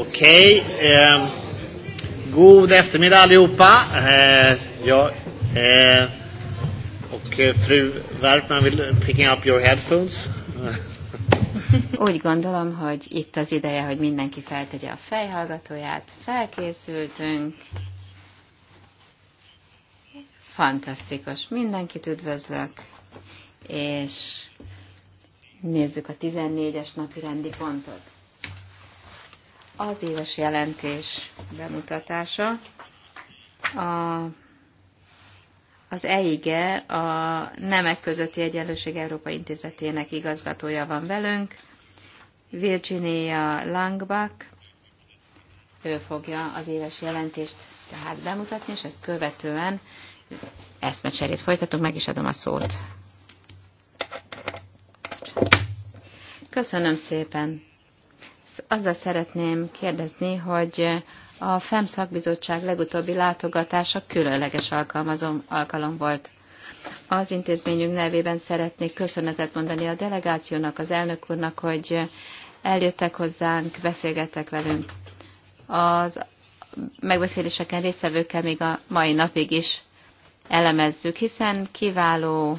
Okej. Okay. Eh, god eftermiddag allihopa. Eh, ja, eh, och eh, fru Werkman vill picking up your headphones. Úgy gondolom, hogy itt az ideje, hogy mindenki feltegye a fejhallgatóját. Felkészültünk. Fantasztikus. Mindenkit üdvözlök. És nézzük a 14-es napi rendi pontot az éves jelentés bemutatása. A, az EIGE, e, a Nemek Közötti Egyenlőség Európa Intézetének igazgatója van velünk, Virginia Langbach, ő fogja az éves jelentést tehát bemutatni, és ezt követően eszmecserét folytatunk, meg is adom a szót. Köszönöm szépen! azzal szeretném kérdezni, hogy a FEM szakbizottság legutóbbi látogatása különleges alkalmazom, alkalom volt. Az intézményünk nevében szeretnék köszönetet mondani a delegációnak, az elnök úrnak, hogy eljöttek hozzánk, beszélgettek velünk. Az megbeszéléseken résztvevőkkel még a mai napig is elemezzük, hiszen kiváló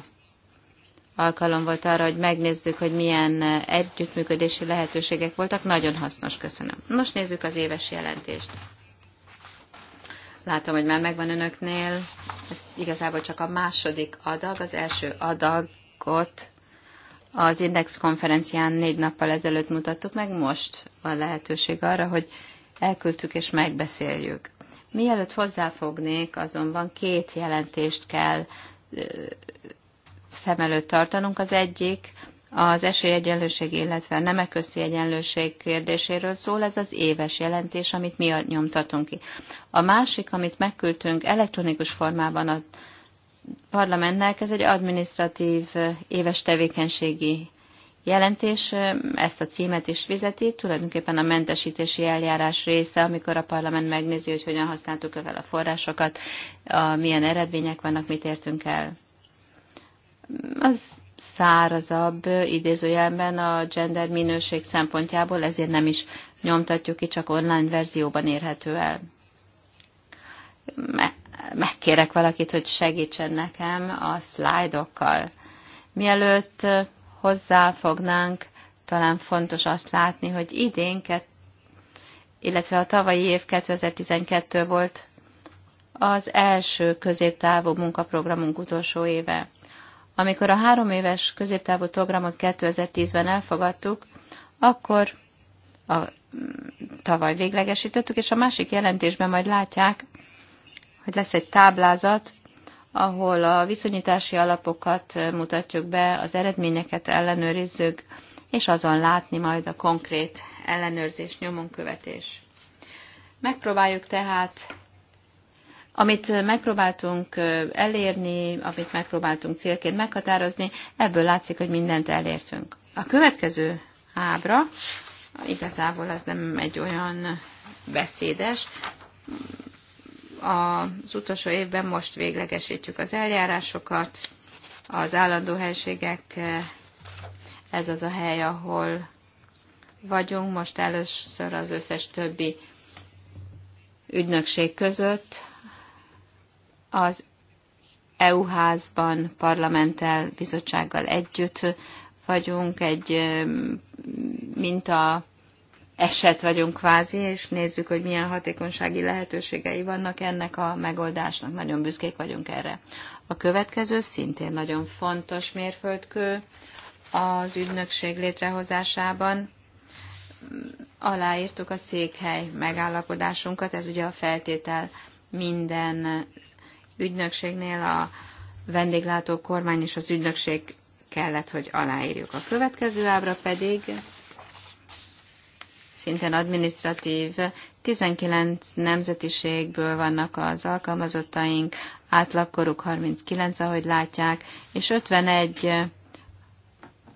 alkalom volt arra, hogy megnézzük, hogy milyen eh, együttműködési lehetőségek voltak. Nagyon hasznos, köszönöm. Nos, nézzük az éves jelentést. Látom, hogy már megvan önöknél. Ez igazából csak a második adag, az első adagot az Index konferencián négy nappal ezelőtt mutattuk meg, most van lehetőség arra, hogy elküldtük és megbeszéljük. Mielőtt hozzáfognék, azonban két jelentést kell eh, szem előtt tartanunk. Az egyik az esélyegyenlőség, illetve a nemek közti egyenlőség kérdéséről szól, ez az éves jelentés, amit mi nyomtatunk ki. A másik, amit megküldtünk elektronikus formában a parlamentnek, ez egy administratív éves tevékenységi jelentés, ezt a címet is vizeti, tulajdonképpen a mentesítési eljárás része, amikor a parlament megnézi, hogy hogyan használtuk -e a forrásokat, a, milyen eredmények vannak, mit értünk el az szárazabb idézőjelben a gender minőség szempontjából, ezért nem is nyomtatjuk ki, csak online verzióban érhető el. Megkérek valakit, hogy segítsen nekem a szlájdokkal. Mielőtt hozzáfognánk, talán fontos azt látni, hogy idén, illetve a tavalyi év 2012 volt az első középtávú munkaprogramunk utolsó éve. Amikor a három éves középtávú programot 2010-ben elfogadtuk, akkor a, mm, tavaly véglegesítettük, és a másik jelentésben majd látják, hogy lesz egy táblázat, ahol a viszonyítási alapokat mutatjuk be, az eredményeket ellenőrizzük, és azon látni majd a konkrét ellenőrzés, nyomon követés. Megpróbáljuk tehát amit megpróbáltunk elérni, amit megpróbáltunk célként meghatározni, ebből látszik, hogy mindent elértünk. A következő ábra, igazából az nem egy olyan beszédes, az utolsó évben most véglegesítjük az eljárásokat, az állandó helységek, ez az a hely, ahol vagyunk most először az összes többi ügynökség között, az EU-házban, parlamenttel, bizottsággal együtt vagyunk, egy minta eset vagyunk kvázi, és nézzük, hogy milyen hatékonysági lehetőségei vannak ennek a megoldásnak. Nagyon büszkék vagyunk erre. A következő szintén nagyon fontos mérföldkő az ügynökség létrehozásában. Aláírtuk a székhely megállapodásunkat, ez ugye a feltétel minden ügynökségnél a vendéglátó kormány és az ügynökség kellett, hogy aláírjuk. A következő ábra pedig szintén adminisztratív, 19 nemzetiségből vannak az alkalmazottaink, átlagkoruk 39, ahogy látják, és 51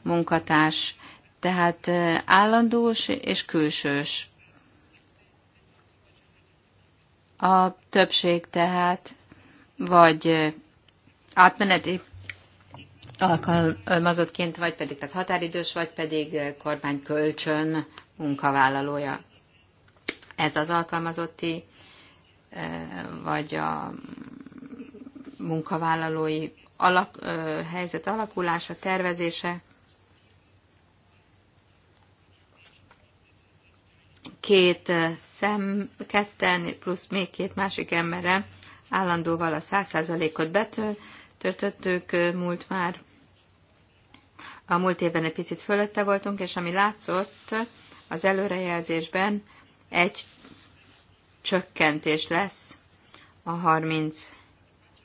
munkatárs, tehát állandós és külsős. A többség tehát vagy átmeneti alkalmazottként, vagy pedig tehát határidős, vagy pedig kormánykölcsön munkavállalója. Ez az alkalmazotti, vagy a munkavállalói alak, helyzet alakulása, tervezése két szem, ketten, plusz még két másik embere állandóval a 100%-ot betöltöttük múlt már. A múlt évben egy picit fölötte voltunk, és ami látszott az előrejelzésben, egy csökkentés lesz a 30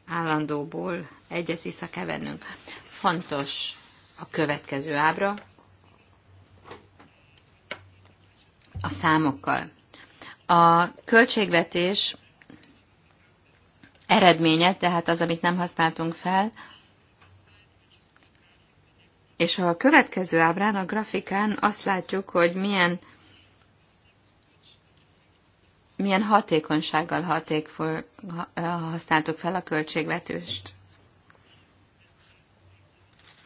állandóból egyet vissza kell vennünk. Fontos a következő ábra, a számokkal. A költségvetés eredménye, tehát az, amit nem használtunk fel. És a következő ábrán, a grafikán azt látjuk, hogy milyen, milyen hatékonysággal haték, használtuk fel a költségvetést.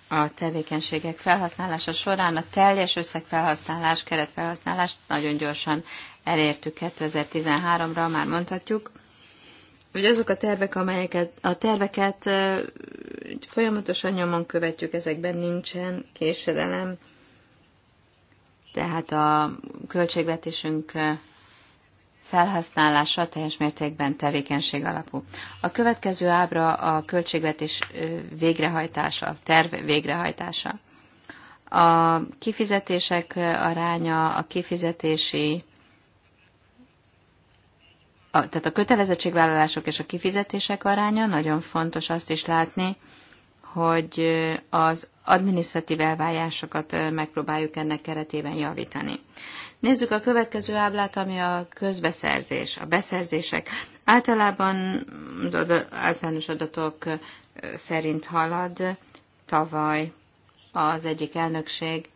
A tevékenységek felhasználása során a teljes összegfelhasználás, keretfelhasználást nagyon gyorsan elértük 2013-ra, már mondhatjuk hogy azok a tervek, amelyeket a terveket folyamatosan nyomon követjük, ezekben nincsen késedelem, tehát a költségvetésünk felhasználása teljes mértékben tevékenység alapú. A következő ábra a költségvetés végrehajtása, terv végrehajtása. A kifizetések aránya, a kifizetési a, tehát a kötelezettségvállalások és a kifizetések aránya nagyon fontos azt is látni, hogy az adminisztratív elvárásokat megpróbáljuk ennek keretében javítani. Nézzük a következő áblát, ami a közbeszerzés, a beszerzések. Általában általános adatok szerint halad. Tavaly az egyik elnökség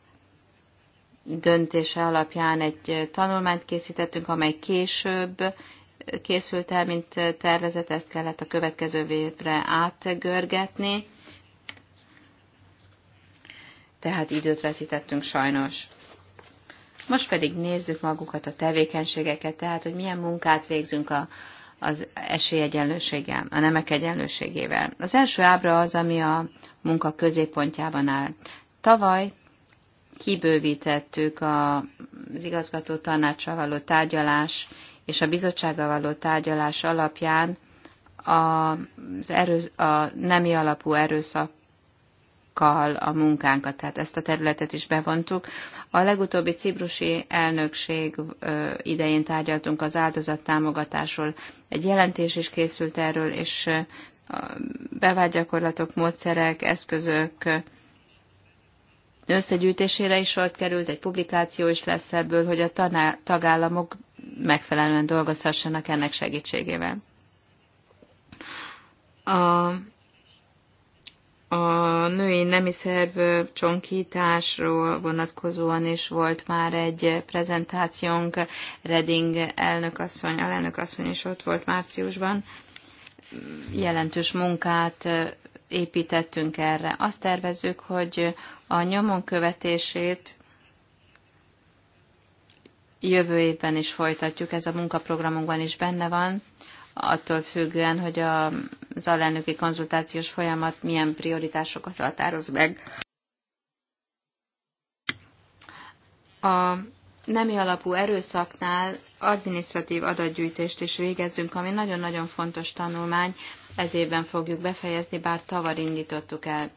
döntése alapján egy tanulmányt készítettünk, amely később készült el, mint tervezet, ezt kellett a következő évre átgörgetni. Tehát időt veszítettünk sajnos. Most pedig nézzük magukat a tevékenységeket, tehát hogy milyen munkát végzünk a, az esélyegyenlőséggel, a nemek egyenlőségével. Az első ábra az, ami a munka középpontjában áll. Tavaly kibővítettük az igazgató tanácsra való tárgyalás és a bizottsággal való tárgyalás alapján az erő, a nemi alapú erőszak a munkánkat, tehát ezt a területet is bevontuk. A legutóbbi ciprusi elnökség idején tárgyaltunk az támogatásról. Egy jelentés is készült erről, és bevágyakorlatok, módszerek, eszközök összegyűjtésére is sort került, egy publikáció is lesz ebből, hogy a tagállamok megfelelően dolgozhassanak ennek segítségével. A, a női nemi szerv csonkításról vonatkozóan is volt már egy prezentációnk, Reding elnökasszony, alelnökasszony is ott volt márciusban, jelentős munkát építettünk erre. Azt tervezzük, hogy a nyomon követését jövő évben is folytatjuk, ez a munkaprogramunkban is benne van, attól függően, hogy az alelnöki konzultációs folyamat milyen prioritásokat határoz meg. A nemi alapú erőszaknál adminisztratív adatgyűjtést is végezzünk, ami nagyon-nagyon fontos tanulmány, ez évben fogjuk befejezni, bár tavar indítottuk el.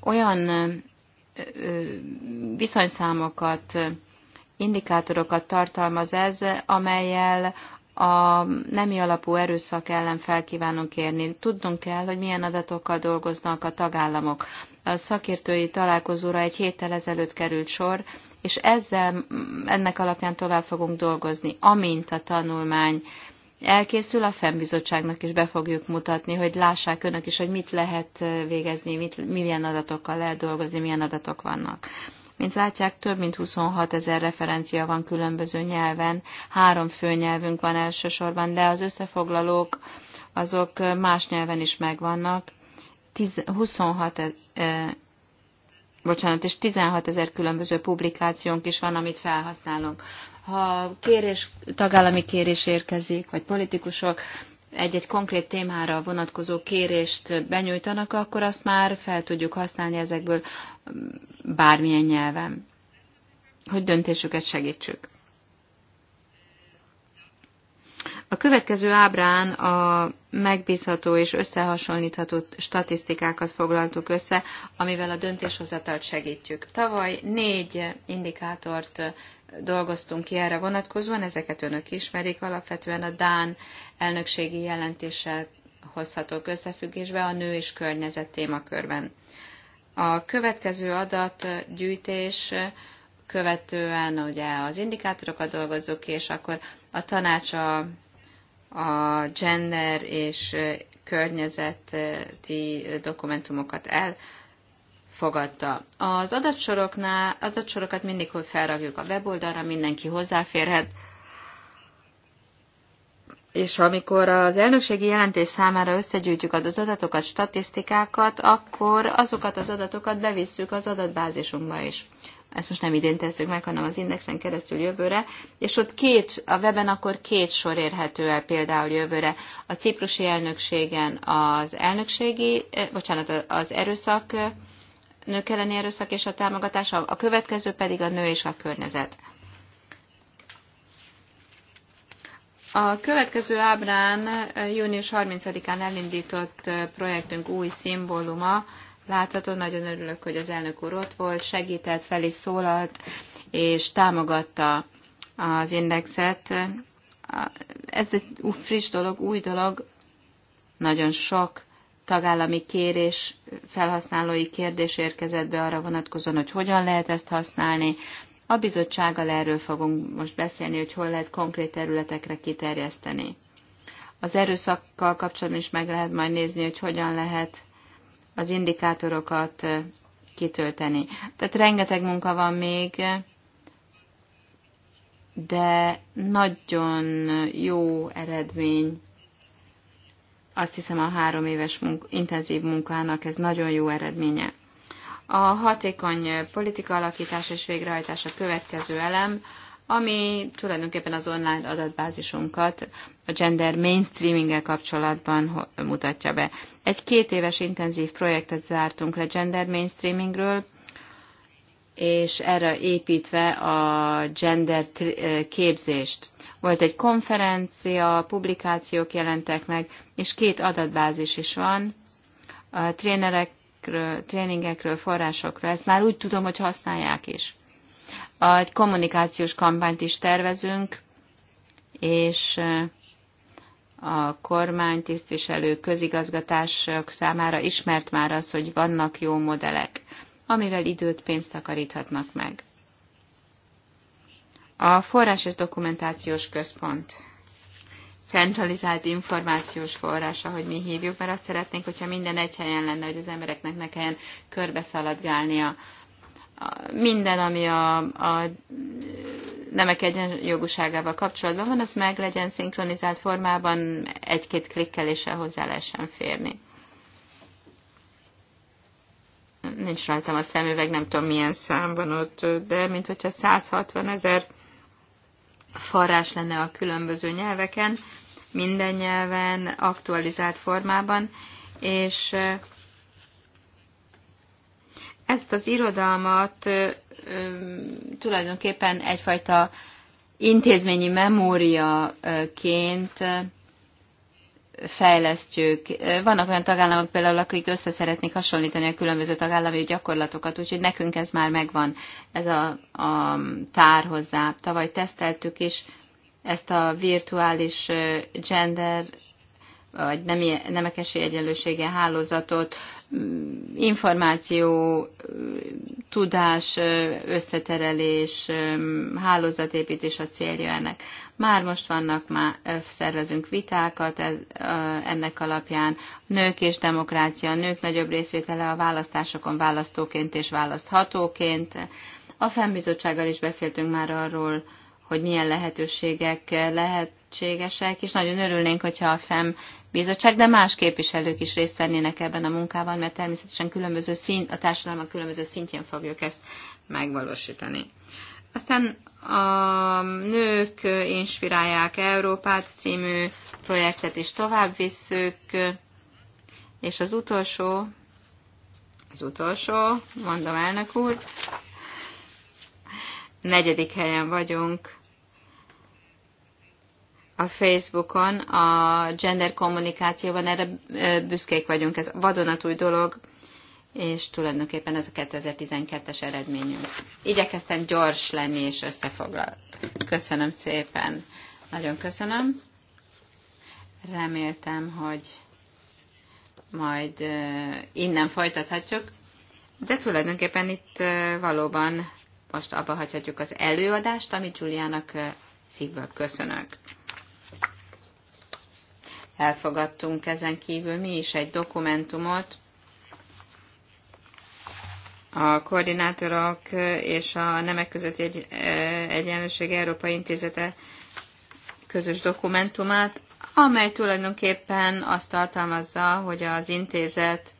Olyan viszonyszámokat indikátorokat tartalmaz ez, amelyel a nemi alapú erőszak ellen felkívánunk érni. Tudnunk kell, hogy milyen adatokkal dolgoznak a tagállamok. A szakértői találkozóra egy héttel ezelőtt került sor, és ezzel ennek alapján tovább fogunk dolgozni. Amint a tanulmány elkészül, a fennbizottságnak is be fogjuk mutatni, hogy lássák önök is, hogy mit lehet végezni, mit, milyen adatokkal lehet dolgozni, milyen adatok vannak. Mint látják, több mint 26 ezer referencia van különböző nyelven, három főnyelvünk van elsősorban, de az összefoglalók azok más nyelven is megvannak. 26 ezer, eh, bocsánat, és 16 ezer különböző publikációnk is van, amit felhasználunk. Ha kérés, tagállami kérés érkezik, vagy politikusok, egy-egy konkrét témára vonatkozó kérést benyújtanak, akkor azt már fel tudjuk használni ezekből mm, bármilyen nyelven, hogy döntésüket segítsük. A következő ábrán a megbízható és összehasonlítható statisztikákat foglaltuk össze, amivel a döntéshozatalt segítjük. Tavaly négy indikátort dolgoztunk ki erre vonatkozóan, ezeket önök ismerik, alapvetően a Dán elnökségi jelentéssel hozhatók összefüggésbe a nő és környezet témakörben. A következő adatgyűjtés követően ugye az indikátorokat dolgozzuk ki, és akkor a tanács a a gender és környezeti dokumentumokat elfogadta. Az adatsoroknál, adatsorokat mindig, hogy felragjuk a weboldalra, mindenki hozzáférhet, és amikor az elnökségi jelentés számára összegyűjtjük az adatokat, statisztikákat, akkor azokat az adatokat bevisszük az adatbázisunkba is ezt most nem idén tesztük meg, hanem az indexen keresztül jövőre, és ott két, a weben akkor két sor érhető el például jövőre. A ciprusi elnökségen az elnökségi, eh, bocsánat, az erőszak, eh, nők elleni erőszak és a támogatás, a következő pedig a nő és a környezet. A következő ábrán eh, június 30-án elindított projektünk új szimbóluma látható. Nagyon örülök, hogy az elnök úr ott volt, segített, fel is szólalt, és támogatta az indexet. Ez egy friss dolog, új dolog, nagyon sok tagállami kérés, felhasználói kérdés érkezett be arra vonatkozóan, hogy hogyan lehet ezt használni. A bizottsággal erről fogunk most beszélni, hogy hol lehet konkrét területekre kiterjeszteni. Az erőszakkal kapcsolatban is meg lehet majd nézni, hogy hogyan lehet az indikátorokat kitölteni. Tehát rengeteg munka van még, de nagyon jó eredmény. Azt hiszem a három éves munka, intenzív munkának ez nagyon jó eredménye. A hatékony politika alakítás és végrehajtás a következő elem, ami tulajdonképpen az online adatbázisunkat a gender mainstreaminggel kapcsolatban mutatja be. Egy két éves intenzív projektet zártunk le gender mainstreamingről, és erre építve a gender eh, képzést. Volt egy konferencia, publikációk jelentek meg, és két adatbázis is van, a trénerekről, tréningekről, forrásokról. Ezt már úgy tudom, hogy használják is. Egy kommunikációs kampányt is tervezünk, és eh, a kormány, tisztviselő, közigazgatások számára ismert már az, hogy vannak jó modellek, amivel időt, pénzt takaríthatnak meg. A forrás és dokumentációs központ centralizált információs forrás, ahogy mi hívjuk, mert azt szeretnénk, hogyha minden egy helyen lenne, hogy az embereknek ne kelljen körbeszaladgálnia minden, ami a, a nemek egyenjogúságával kapcsolatban van, az meg legyen szinkronizált formában, egy-két klikkeléssel hozzá lehessen férni. Nincs rajtam a szemüveg, nem tudom milyen szám van ott, de mint hogyha 160 ezer forrás lenne a különböző nyelveken, minden nyelven, aktualizált formában, és ezt az irodalmat tulajdonképpen egyfajta intézményi memóriaként fejlesztjük. Vannak olyan tagállamok például, akik össze szeretnék hasonlítani a különböző tagállami gyakorlatokat, úgyhogy nekünk ez már megvan, ez a, a tár hozzá. Tavaly teszteltük is ezt a virtuális gender vagy nem, nemek hálózatot információ, tudás, összeterelés, hálózatépítés a célja ennek. Már most vannak, már szervezünk vitákat ez, ennek alapján. Nők és demokrácia, nők nagyobb részvétele a választásokon választóként és választhatóként. A fennbizottsággal is beszéltünk már arról, hogy milyen lehetőségek lehetségesek, és nagyon örülnénk, hogyha a FEM bizottság, de más képviselők is részt vennének ebben a munkában, mert természetesen különböző szín, a társadalom a különböző szintjén fogjuk ezt megvalósítani. Aztán a Nők Inspirálják Európát című projektet is tovább visszük, és az utolsó, az utolsó, mondom elnök úr, negyedik helyen vagyunk a Facebookon, a gender kommunikációban, erre büszkék vagyunk, ez vadonatúj dolog, és tulajdonképpen ez a 2012-es eredményünk. Igyekeztem gyors lenni és összefoglalt. Köszönöm szépen. Nagyon köszönöm. Reméltem, hogy majd innen folytathatjuk. De tulajdonképpen itt valóban most abba hagyhatjuk az előadást, amit Juliának szívből köszönök. Elfogadtunk ezen kívül mi is egy dokumentumot, a koordinátorok és a Nemek közötti egy, Egyenlőség Európai Intézete közös dokumentumát, amely tulajdonképpen azt tartalmazza, hogy az intézet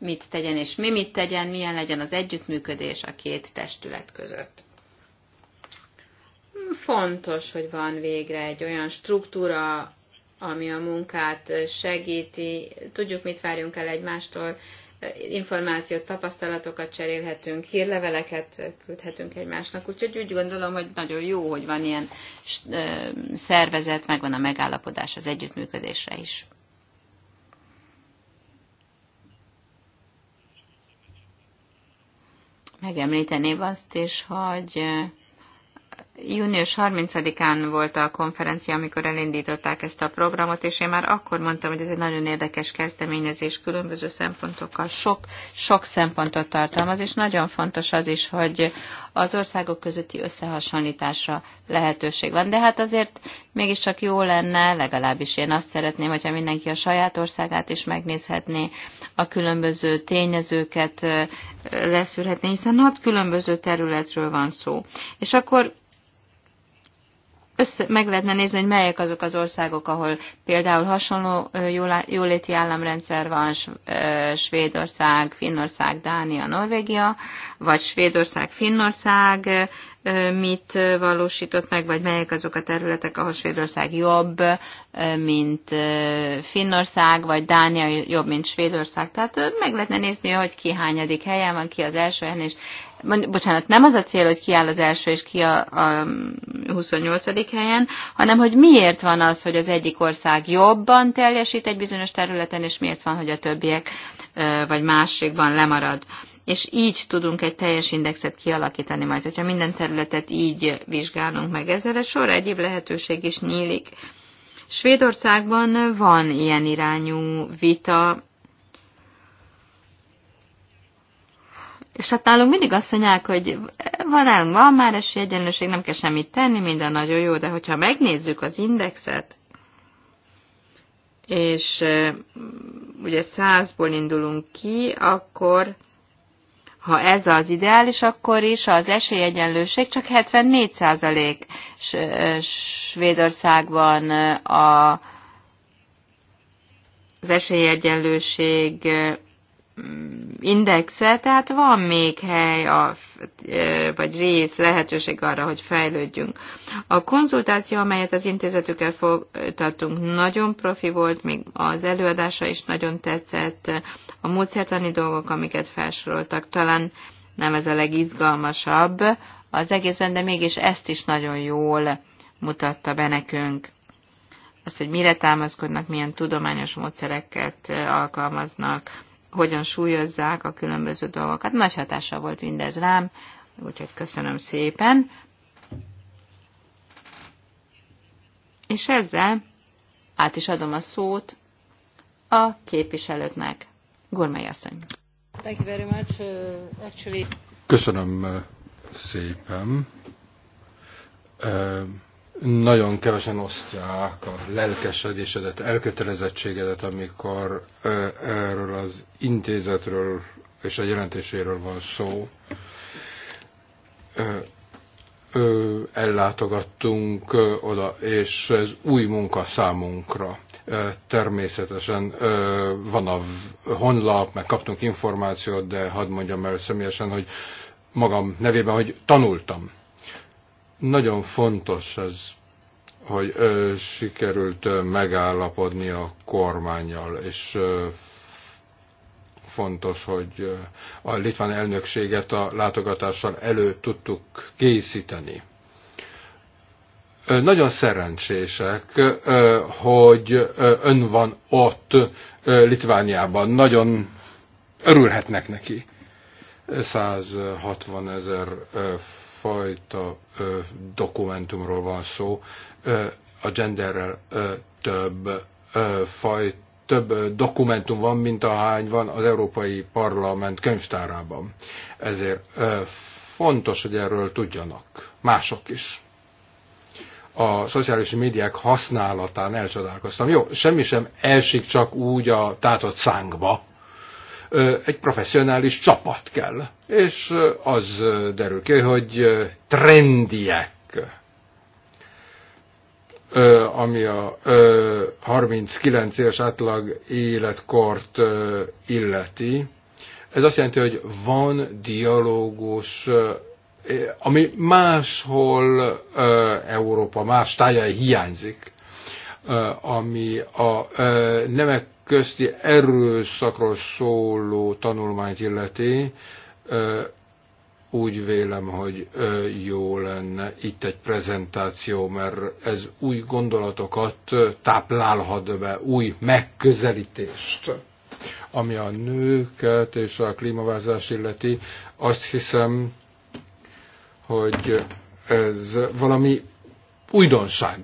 mit tegyen és mi mit tegyen, milyen legyen az együttműködés a két testület között. Fontos, hogy van végre egy olyan struktúra, ami a munkát segíti, tudjuk, mit várjunk el egymástól, információt, tapasztalatokat cserélhetünk, hírleveleket küldhetünk egymásnak, úgyhogy úgy gondolom, hogy nagyon jó, hogy van ilyen szervezet, meg van a megállapodás az együttműködésre is. megemlíteném azt is, hogy június 30-án volt a konferencia, amikor elindították ezt a programot, és én már akkor mondtam, hogy ez egy nagyon érdekes kezdeményezés, különböző szempontokkal sok, sok szempontot tartalmaz, és nagyon fontos az is, hogy az országok közötti összehasonlításra lehetőség van. De hát azért mégiscsak jó lenne, legalábbis én azt szeretném, hogyha mindenki a saját országát is megnézhetné, a különböző tényezőket leszűrhetné, hiszen hat különböző területről van szó. És akkor össze, meg lehetne nézni, hogy melyek azok az országok, ahol például hasonló jóléti államrendszer van, Svédország, Finnország, Dánia, Norvégia, vagy Svédország, Finnország, mit valósított meg, vagy melyek azok a területek, ahol Svédország jobb, mint Finnország, vagy Dánia jobb, mint Svédország. Tehát meg lehetne nézni, hogy ki hányadik helyen van, ki az első helyen, és bocsánat, nem az a cél, hogy ki áll az első és ki a, a 28. helyen, hanem hogy miért van az, hogy az egyik ország jobban teljesít egy bizonyos területen, és miért van, hogy a többiek vagy másikban lemarad. És így tudunk egy teljes indexet kialakítani majd, hogyha minden területet így vizsgálunk meg. Ezzel a sor egyéb lehetőség is nyílik. Svédországban van ilyen irányú vita És hát nálunk mindig azt mondják, hogy van, nálunk van már esélyegyenlőség, nem kell semmit tenni, minden nagyon jó, de hogyha megnézzük az indexet, és ugye százból indulunk ki, akkor ha ez az ideális, akkor is az esélyegyenlőség csak 74 százalék Svédországban a, az esélyegyenlőség indexe, tehát van még hely, a, vagy rész, lehetőség arra, hogy fejlődjünk. A konzultáció, amelyet az intézetükkel folytattunk, nagyon profi volt, még az előadása is nagyon tetszett, a módszertani dolgok, amiket felsoroltak, talán nem ez a legizgalmasabb az egészben, de mégis ezt is nagyon jól mutatta be nekünk azt, hogy mire támaszkodnak, milyen tudományos módszereket alkalmaznak, hogyan súlyozzák a különböző dolgokat. Nagy hatása volt mindez rám, úgyhogy köszönöm szépen. És ezzel át is adom a szót a képviselőknek. Gurmai asszony. Thank you very much. Uh, actually... Köszönöm uh, szépen. Uh, nagyon kevesen osztják a lelkesedésedet, elkötelezettségedet, amikor erről az intézetről és a jelentéséről van szó. Ellátogattunk oda, és ez új munka számunkra. Természetesen van a honlap, meg kaptunk információt, de hadd mondjam el személyesen, hogy magam nevében, hogy tanultam nagyon fontos ez, hogy ö, sikerült ö, megállapodni a kormányjal, és ö, fontos, hogy a litván elnökséget a látogatással elő tudtuk készíteni. Nagyon szerencsések, hogy ön van ott Litvániában. Nagyon örülhetnek neki. 160 ezer fajta ö, dokumentumról van szó. Ö, a genderrel ö, több ö, faj, több ö, dokumentum van, mint ahány van az Európai Parlament könyvtárában. Ezért ö, fontos, hogy erről tudjanak mások is. A szociális médiák használatán elcsodálkoztam. Jó, semmi sem elsik csak úgy a tátott szánkba, egy professzionális csapat kell. És az derül ki, hogy trendiek ami a 39 éves átlag életkort illeti. Ez azt jelenti, hogy van dialógus, ami máshol Európa más tájai hiányzik, ami a nemek közti erőszakról szóló tanulmányt illeti, úgy vélem, hogy jó lenne itt egy prezentáció, mert ez új gondolatokat táplálhat be, új megközelítést. Ami a nőket és a klímaváltozás illeti, azt hiszem, hogy ez valami újdonság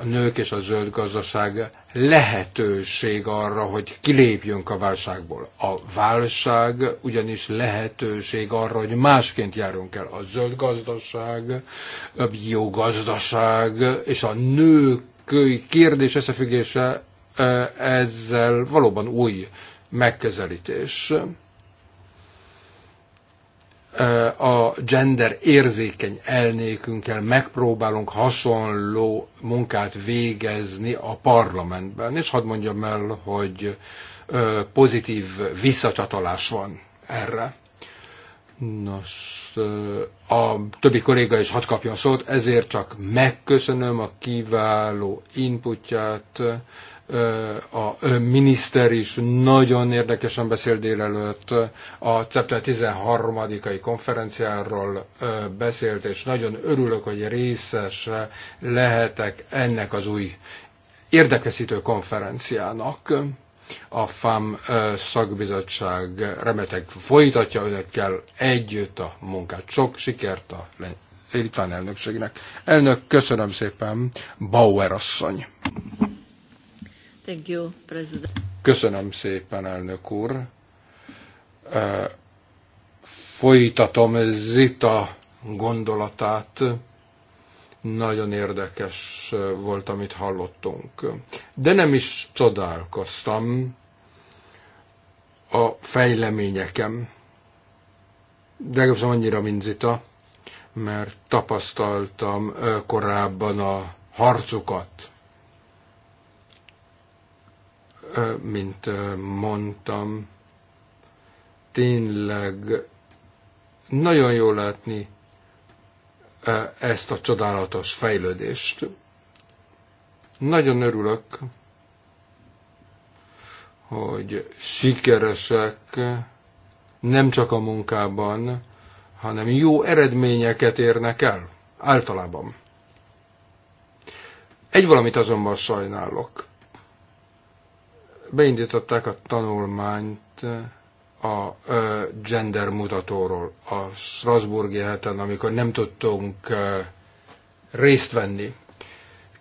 a nők és a zöld gazdaság lehetőség arra, hogy kilépjünk a válságból. A válság ugyanis lehetőség arra, hogy másként járunk el. A zöld gazdaság, a biogazdaság és a nők kérdés összefüggése eh, ezzel valóban új megközelítés a gender érzékeny elnékünkkel megpróbálunk hasonló munkát végezni a parlamentben. És hadd mondjam el, hogy pozitív visszacsatolás van erre. Nos, most a többi kolléga is hat kapja a szót, ezért csak megköszönöm a kiváló inputját. A miniszter is nagyon érdekesen beszélt délelőtt, a CEPTA 13-ai konferenciáról beszélt, és nagyon örülök, hogy részes lehetek ennek az új érdekesítő konferenciának a FAM szakbizottság remetek folytatja önökkel együtt a munkát. Sok sikert a litván elnökségnek. Elnök, köszönöm szépen, Bauer asszony. Thank you, President. Köszönöm szépen, elnök úr. Folytatom Zita gondolatát. Nagyon érdekes volt, amit hallottunk. De nem is csodálkoztam a fejleményekem. De legalábbis annyira, mint Zita, mert tapasztaltam korábban a harcukat. Mint mondtam, tényleg nagyon jól látni Eh, ezt a csodálatos fejlődést. Nagyon örülök, hogy sikeresek nem csak a munkában, hanem jó eredményeket érnek el, általában. Egy valamit azonban sajnálok. Beindították a tanulmányt a gender mutatóról a Strasburgi heten, amikor nem tudtunk részt venni.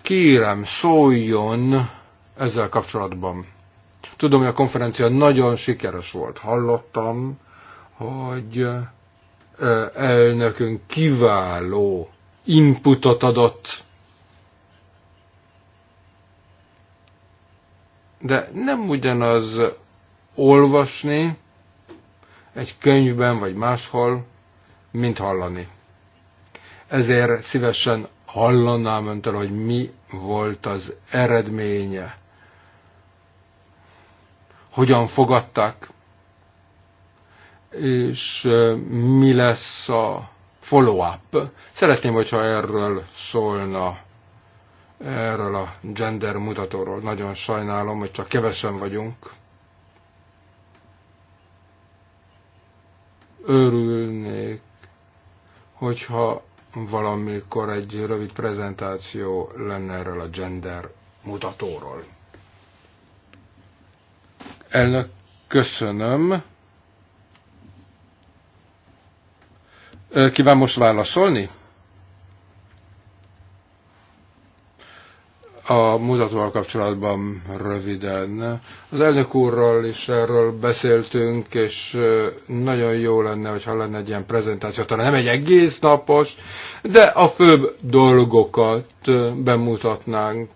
Kérem, szóljon ezzel kapcsolatban. Tudom, hogy a konferencia nagyon sikeres volt. Hallottam, hogy elnökünk kiváló inputot adott. De nem ugyanaz olvasni, egy könyvben vagy máshol, mint hallani. Ezért szívesen hallanám öntől, hogy mi volt az eredménye. Hogyan fogadták, és mi lesz a follow-up. Szeretném, hogyha erről szólna, erről a gender mutatóról. Nagyon sajnálom, hogy csak kevesen vagyunk. örülnék, hogyha valamikor egy rövid prezentáció lenne erről a gender mutatóról. Elnök, köszönöm. Kíván most válaszolni? A mutatóval kapcsolatban röviden. Az elnök úrral is erről beszéltünk, és nagyon jó lenne, hogyha lenne egy ilyen prezentáció, talán nem egy egész napos, de a főbb dolgokat bemutatnánk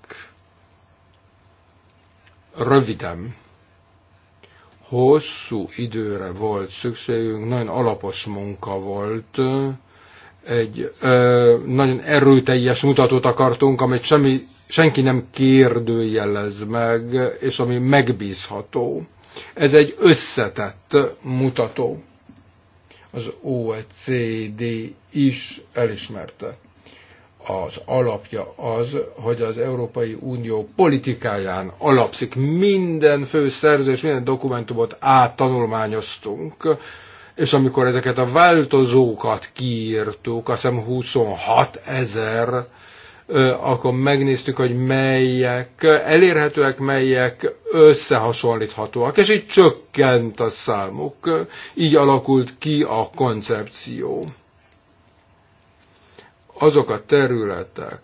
röviden. Hosszú időre volt szükségünk, nagyon alapos munka volt, egy ö, nagyon erőteljes mutatót akartunk, amit semmi, senki nem kérdőjelez meg, és ami megbízható. Ez egy összetett mutató. Az OECD is elismerte. Az alapja az, hogy az Európai Unió politikáján alapszik. Minden fő és minden dokumentumot áttanulmányoztunk és amikor ezeket a változókat kiírtuk, azt hiszem 26 ezer, akkor megnéztük, hogy melyek elérhetőek, melyek összehasonlíthatóak, és így csökkent a számuk. Így alakult ki a koncepció. Azok a területek,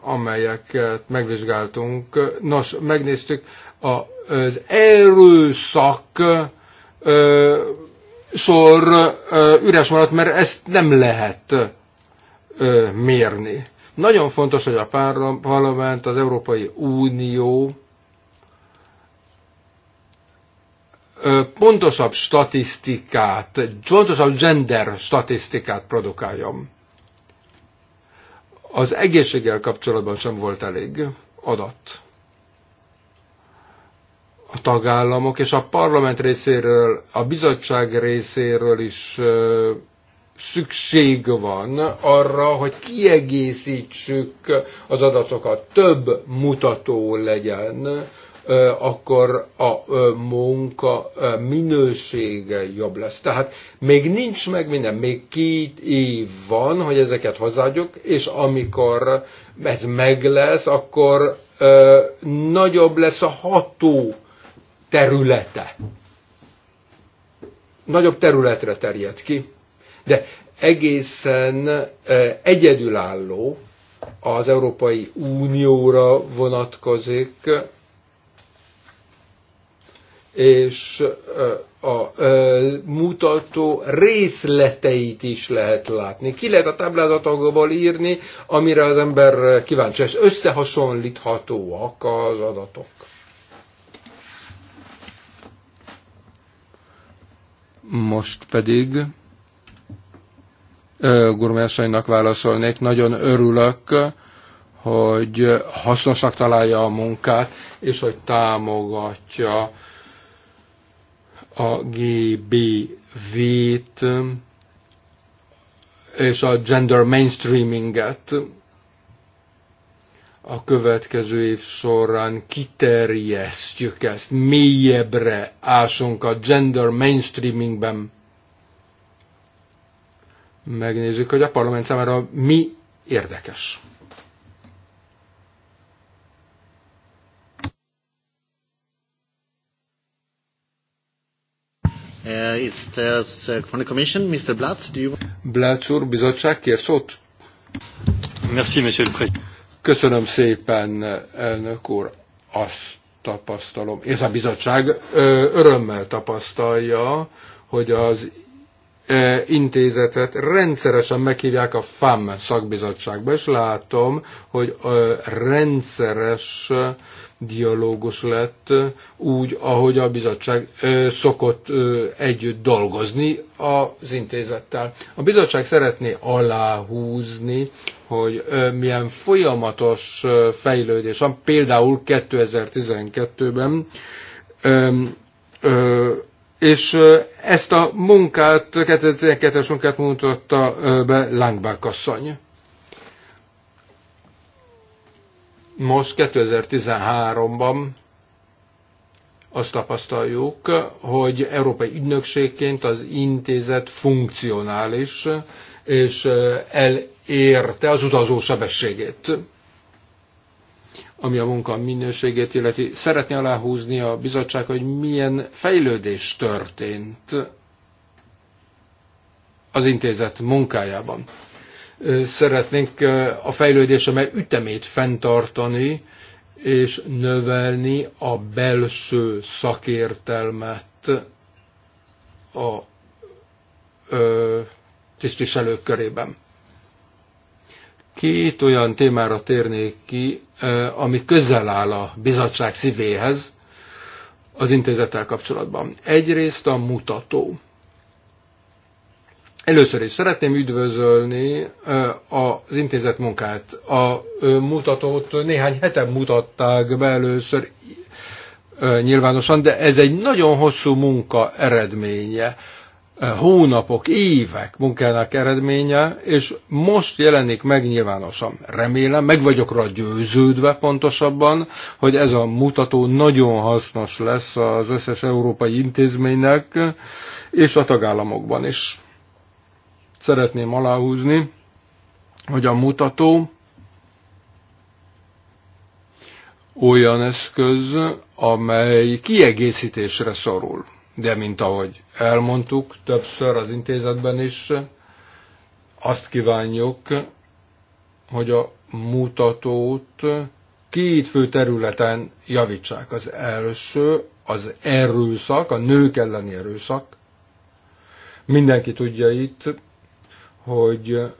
amelyeket megvizsgáltunk, nos, megnéztük az erőszak sor üres maradt, mert ezt nem lehet mérni. Nagyon fontos, hogy a parlament, az Európai Unió pontosabb statisztikát, pontosabb gender statisztikát produkáljon. Az egészséggel kapcsolatban sem volt elég adat a tagállamok és a parlament részéről, a bizottság részéről is szükség van arra, hogy kiegészítsük az adatokat, több mutató legyen, akkor a munka minősége jobb lesz. Tehát még nincs meg minden, még két év van, hogy ezeket hozzáadjuk, és amikor ez meg lesz, akkor nagyobb lesz a ható területe. Nagyobb területre terjed ki, de egészen egyedülálló az Európai Unióra vonatkozik, és a mutató részleteit is lehet látni. Ki lehet a táblázatokból írni, amire az ember kíváncsi, és összehasonlíthatóak az adatok. Most pedig gurmásainak válaszolnék. Nagyon örülök, hogy hasznosnak találja a munkát, és hogy támogatja a GBV-t és a gender mainstreaminget a következő év során kiterjesztjük ezt, mélyebbre ásunk a gender mainstreamingben. Megnézzük, hogy a parlament számára mi érdekes. Uh, it's the, uh, from the Commission, Mr. Blatz, do you... Blatz úr, bizottság, kér szót? Merci, Monsieur le Président. Köszönöm szépen, elnök úr, azt tapasztalom, és a bizottság örömmel tapasztalja, hogy az intézetet rendszeresen meghívják a FAM szakbizottságba, és látom, hogy rendszeres dialógus lett úgy, ahogy a bizottság szokott együtt dolgozni az intézettel. A bizottság szeretné aláhúzni, hogy milyen folyamatos fejlődés van, például 2012-ben és ezt a munkát, 2012-es munkát mutatta be Langbák asszony. Most 2013-ban azt tapasztaljuk, hogy Európai Ügynökségként az intézet funkcionális, és elérte az utazó sebességét ami a munka minőségét illeti. Szeretné aláhúzni a bizottság, hogy milyen fejlődés történt az intézet munkájában. Szeretnénk a fejlődés, amely ütemét fenntartani, és növelni a belső szakértelmet a ö, tisztviselők körében. Két olyan témára térnék ki, ami közel áll a bizottság szívéhez az intézettel kapcsolatban. Egyrészt a mutató. Először is szeretném üdvözölni az intézet munkát. A mutatót néhány hete mutatták be először nyilvánosan, de ez egy nagyon hosszú munka eredménye. Eh, hónapok, évek munkának eredménye, és most jelenik meg nyilvánosan. Remélem, meg vagyok rá győződve pontosabban, hogy ez a mutató nagyon hasznos lesz az összes európai intézménynek és a tagállamokban is. Szeretném aláhúzni, hogy a mutató olyan eszköz, amely kiegészítésre szorul de mint ahogy elmondtuk többször az intézetben is, azt kívánjuk, hogy a mutatót két fő területen javítsák. Az első az erőszak, a nők elleni erőszak. Mindenki tudja itt, hogy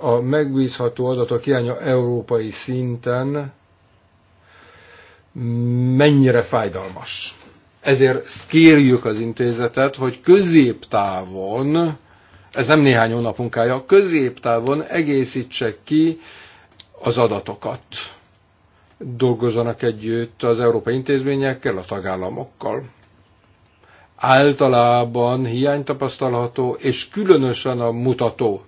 a megbízható adatok hiánya európai szinten mennyire fájdalmas. Ezért kérjük az intézetet, hogy középtávon, ez nem néhány hónap munkája, középtávon egészítse ki az adatokat. Dolgozzanak együtt az európai intézményekkel, a tagállamokkal általában hiány tapasztalható, és különösen a mutató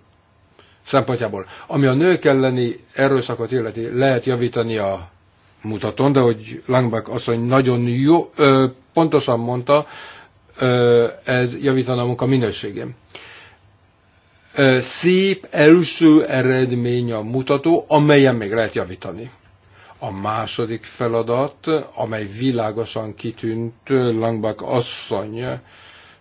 szempontjából. Ami a nők elleni erőszakot illeti, lehet javítani a mutatom, de hogy Langbach asszony nagyon jó, ö, pontosan mondta, ö, ez javítana a munka minőségén. Ö, szép első eredmény a mutató, amelyen még lehet javítani. A második feladat, amely világosan kitűnt Langbach asszony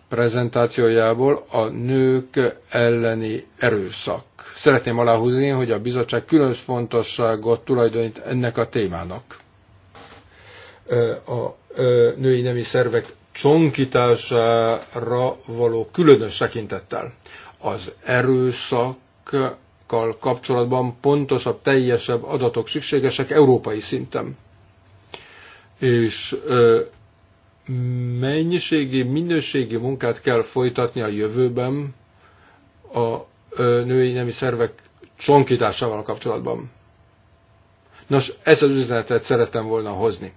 prezentációjából, a nők elleni erőszak Szeretném aláhúzni, hogy a bizottság különös fontosságot tulajdonít ennek a témának. A női nemi szervek csonkítására való különös tekintettel. Az erőszakkal kapcsolatban pontosabb, teljesebb adatok szükségesek európai szinten. És mennyiségi, minőségi munkát kell folytatni a jövőben a női nemi szervek csonkításával kapcsolatban. Nos, ezt az üzenetet szerettem volna hozni.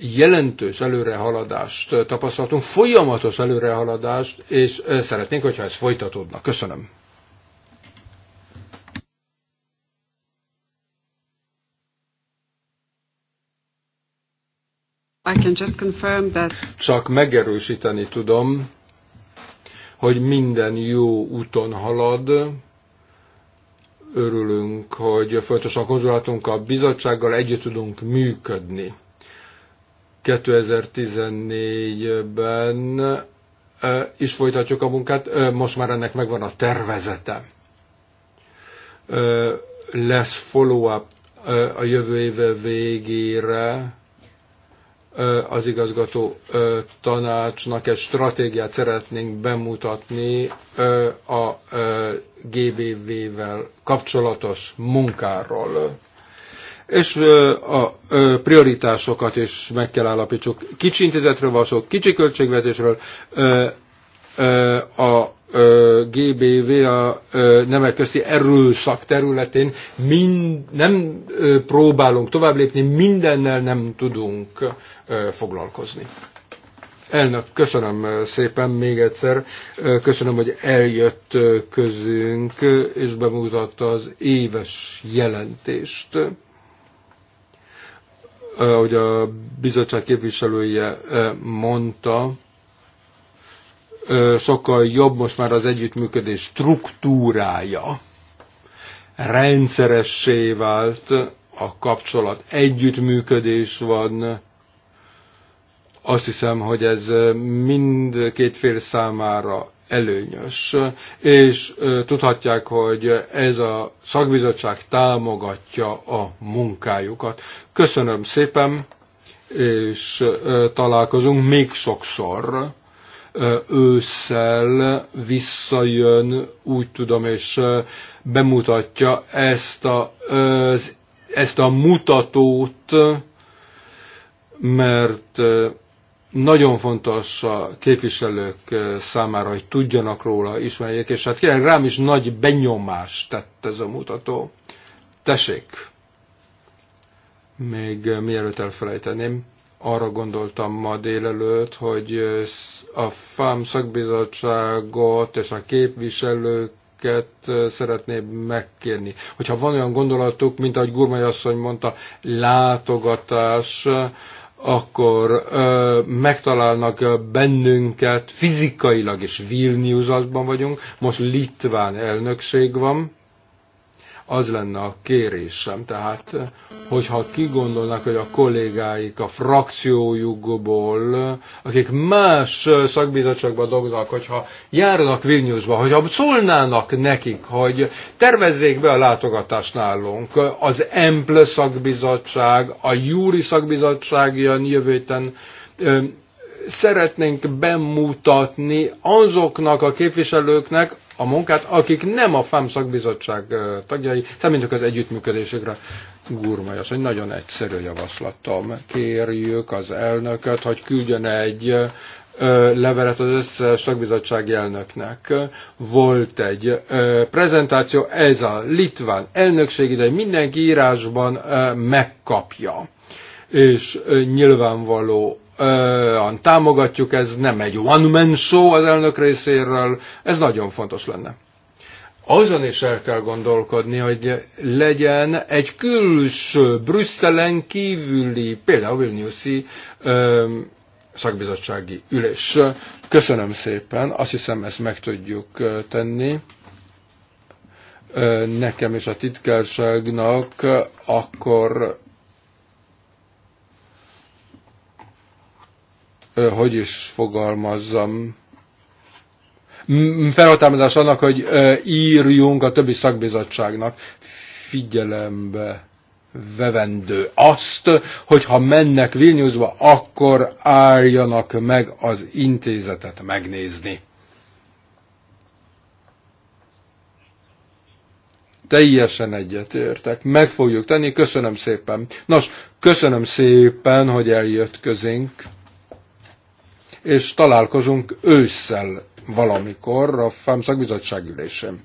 Jelentős előrehaladást tapasztaltunk, folyamatos előrehaladást, és szeretnénk, hogyha ez folytatódna. Köszönöm. I can just confirm that... Csak megerősíteni tudom, hogy minden jó úton halad. Örülünk, hogy a konzuláltunk a bizottsággal, együtt tudunk működni. 2014-ben is folytatjuk a munkát, most már ennek megvan a tervezete. Lesz follow-up a jövő éve végére az igazgató tanácsnak egy stratégiát szeretnénk bemutatni a GBV-vel kapcsolatos munkáról. És a prioritásokat is meg kell állapítsuk. Kicsi intézetről van szó, kicsi költségvetésről, a GBV a nemek közti erőszak területén mind, nem próbálunk tovább lépni, mindennel nem tudunk foglalkozni. Elnök, köszönöm szépen még egyszer. Köszönöm, hogy eljött közünk, és bemutatta az éves jelentést. Ahogy a bizottság képviselője mondta, sokkal jobb most már az együttműködés struktúrája. Rendszeressé vált a kapcsolat, együttműködés van. Azt hiszem, hogy ez mind két fél számára előnyös, és tudhatják, hogy ez a szakbizottság támogatja a munkájukat. Köszönöm szépen, és találkozunk még sokszor ősszel visszajön, úgy tudom, és bemutatja ezt a, ezt a mutatót, mert nagyon fontos a képviselők számára, hogy tudjanak róla, ismerjék, és hát kérlek, rám is nagy benyomást tett ez a mutató. Tessék! Még mielőtt elfelejteném, arra gondoltam ma délelőtt, hogy a FAM szakbizottságot és a képviselőket szeretném megkérni. Hogyha van olyan gondolatuk, mint ahogy Gurmai asszony mondta, látogatás, akkor ö, megtalálnak bennünket, fizikailag és Vilniusban vagyunk, most Litván elnökség van, az lenne a kérésem, tehát hogyha kigondolnak, hogy a kollégáik a frakciójukból, akik más szakbizottságban dolgoznak, hogyha járnak Vilniusba, hogyha szólnának nekik, hogy tervezzék be a látogatást nálunk, az EMPL szakbizottság, a Júri szakbizottság jön jövőten, szeretnénk bemutatni azoknak a képviselőknek a munkát, akik nem a FAM szakbizottság tagjai, számítunk az együttműködésükre. Gurmai hogy nagyon egyszerű javaslatom. Kérjük az elnököt, hogy küldjön egy levelet az összes szakbizottsági elnöknek. Volt egy prezentáció, ez a litván elnökség ide mindenki írásban megkapja. És nyilvánvaló támogatjuk, ez nem egy one-man show az elnök részéről, ez nagyon fontos lenne. Azon is el kell gondolkodni, hogy legyen egy külső, Brüsszelen kívüli, például Vilniuszi szakbizottsági ülés. Köszönöm szépen, azt hiszem ezt meg tudjuk tenni nekem és a titkárságnak, akkor hogy is fogalmazzam, felhatalmazás annak, hogy írjunk a többi szakbizottságnak figyelembe vevendő azt, hogy ha mennek Vilniuszba, akkor álljanak meg az intézetet megnézni. Teljesen egyetértek. Meg fogjuk tenni. Köszönöm szépen. Nos, köszönöm szépen, hogy eljött közénk és találkozunk ősszel valamikor a FAM szakbizottságülésem.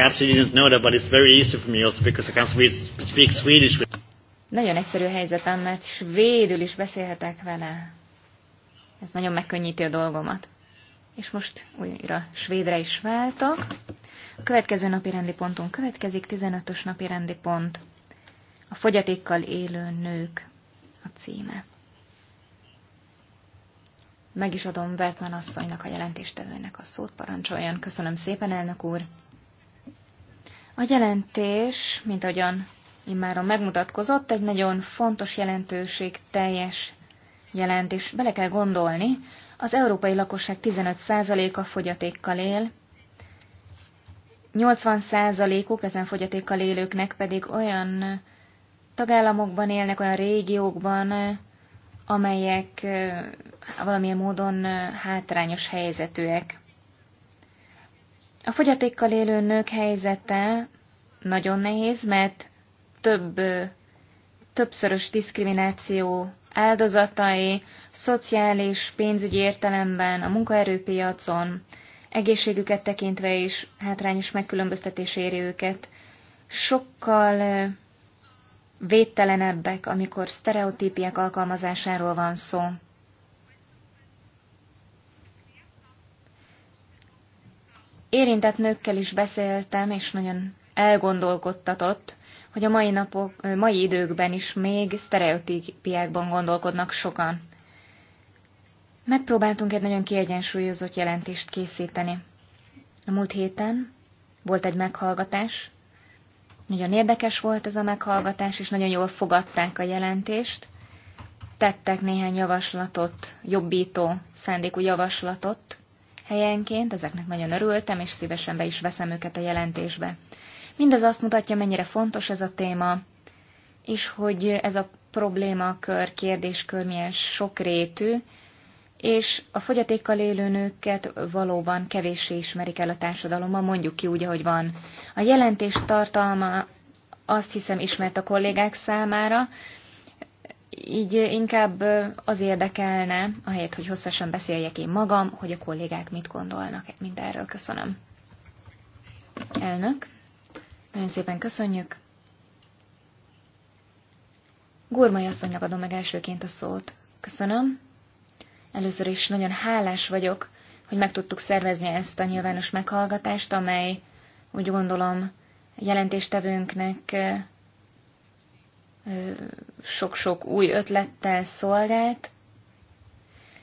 perhaps you didn't know that, but it's very easy for me also because I can speak Swedish. Nagyon egyszerű helyzetem, mert svédül is beszélhetek vele. Ez nagyon megkönnyíti a dolgomat. És most újra svédre is váltok. A következő napi rendi ponton következik, 15-ös napi rendi pont. A fogyatékkal élő nők a címe. Meg is adom Bertman asszonynak, a jelentéstevőnek a szót, parancsoljon. Köszönöm szépen, elnök úr! A jelentés, mint ahogyan immáron megmutatkozott, egy nagyon fontos jelentőség teljes jelentés. Bele kell gondolni, az európai lakosság 15%-a fogyatékkal él, 80%-uk ezen fogyatékkal élőknek pedig olyan tagállamokban élnek, olyan régiókban, amelyek eh, valamilyen módon eh, hátrányos helyzetűek. A fogyatékkal élő nők helyzete nagyon nehéz, mert több, többszörös diszkrimináció áldozatai, szociális, pénzügyi értelemben, a munkaerőpiacon, egészségüket tekintve is hátrányos megkülönböztetés éri őket. Sokkal védtelenebbek, amikor sztereotípiek alkalmazásáról van szó. Érintett nőkkel is beszéltem, és nagyon elgondolkodtatott, hogy a mai, napok, mai időkben is még sztereotípiákban gondolkodnak sokan. Megpróbáltunk egy nagyon kiegyensúlyozott jelentést készíteni. A múlt héten volt egy meghallgatás, nagyon érdekes volt ez a meghallgatás, és nagyon jól fogadták a jelentést. Tettek néhány javaslatot, jobbító szándékú javaslatot helyenként, ezeknek nagyon örültem, és szívesen be is veszem őket a jelentésbe. Mindez azt mutatja, mennyire fontos ez a téma, és hogy ez a problémakör, kérdéskör milyen sokrétű, és a fogyatékkal élő nőket valóban kevéssé ismerik el a társadalomban, mondjuk ki úgy, ahogy van. A jelentés tartalma azt hiszem ismert a kollégák számára, így inkább az érdekelne, ahelyett, hogy hosszasan beszéljek én magam, hogy a kollégák mit gondolnak mindenről. Köszönöm. Elnök, nagyon szépen köszönjük. Gurmai asszonynak adom meg elsőként a szót. Köszönöm. Először is nagyon hálás vagyok, hogy meg tudtuk szervezni ezt a nyilvános meghallgatást, amely úgy gondolom jelentéstevőnknek sok-sok új ötlettel szolgált,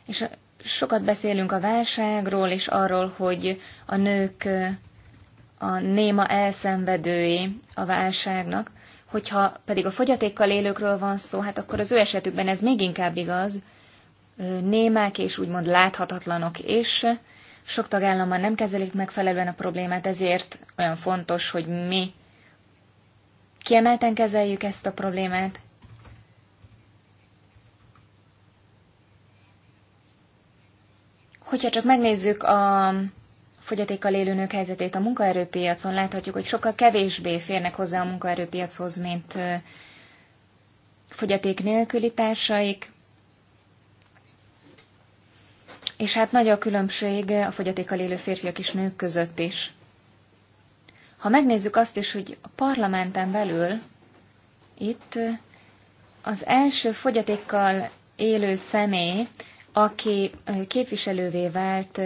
és sokat beszélünk a válságról, és arról, hogy a nők a néma elszenvedői a válságnak, hogyha pedig a fogyatékkal élőkről van szó, hát akkor az ő esetükben ez még inkább igaz, némák és úgymond láthatatlanok és sok tagállamban nem kezelik megfelelően a problémát, ezért olyan fontos, hogy mi Kiemelten kezeljük ezt a problémát. Hogyha csak megnézzük a fogyatékkal élő nők helyzetét a munkaerőpiacon, láthatjuk, hogy sokkal kevésbé férnek hozzá a munkaerőpiachoz, mint fogyaték nélküli társaik, és hát nagy a különbség a fogyatékkal élő férfiak és nők között is. Ha megnézzük azt is, hogy a parlamenten belül itt az első fogyatékkal élő személy, aki képviselővé vált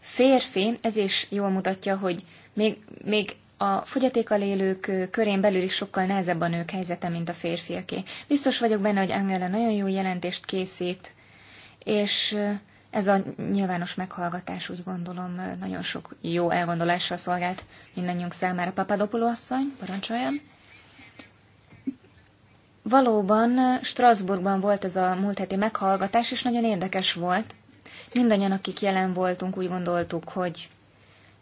férfi, ez is jól mutatja, hogy még, még a fogyatékkal élők körén belül is sokkal nehezebb a nők helyzete, mint a férfiaké. Biztos vagyok benne, hogy Angela nagyon jó jelentést készít, és ez a nyilvános meghallgatás úgy gondolom nagyon sok jó elgondolásra szolgált mindannyiunk számára. Papadopoló asszony, parancsoljon! Valóban Strasbourgban volt ez a múlt heti meghallgatás, és nagyon érdekes volt. Mindannyian, akik jelen voltunk, úgy gondoltuk, hogy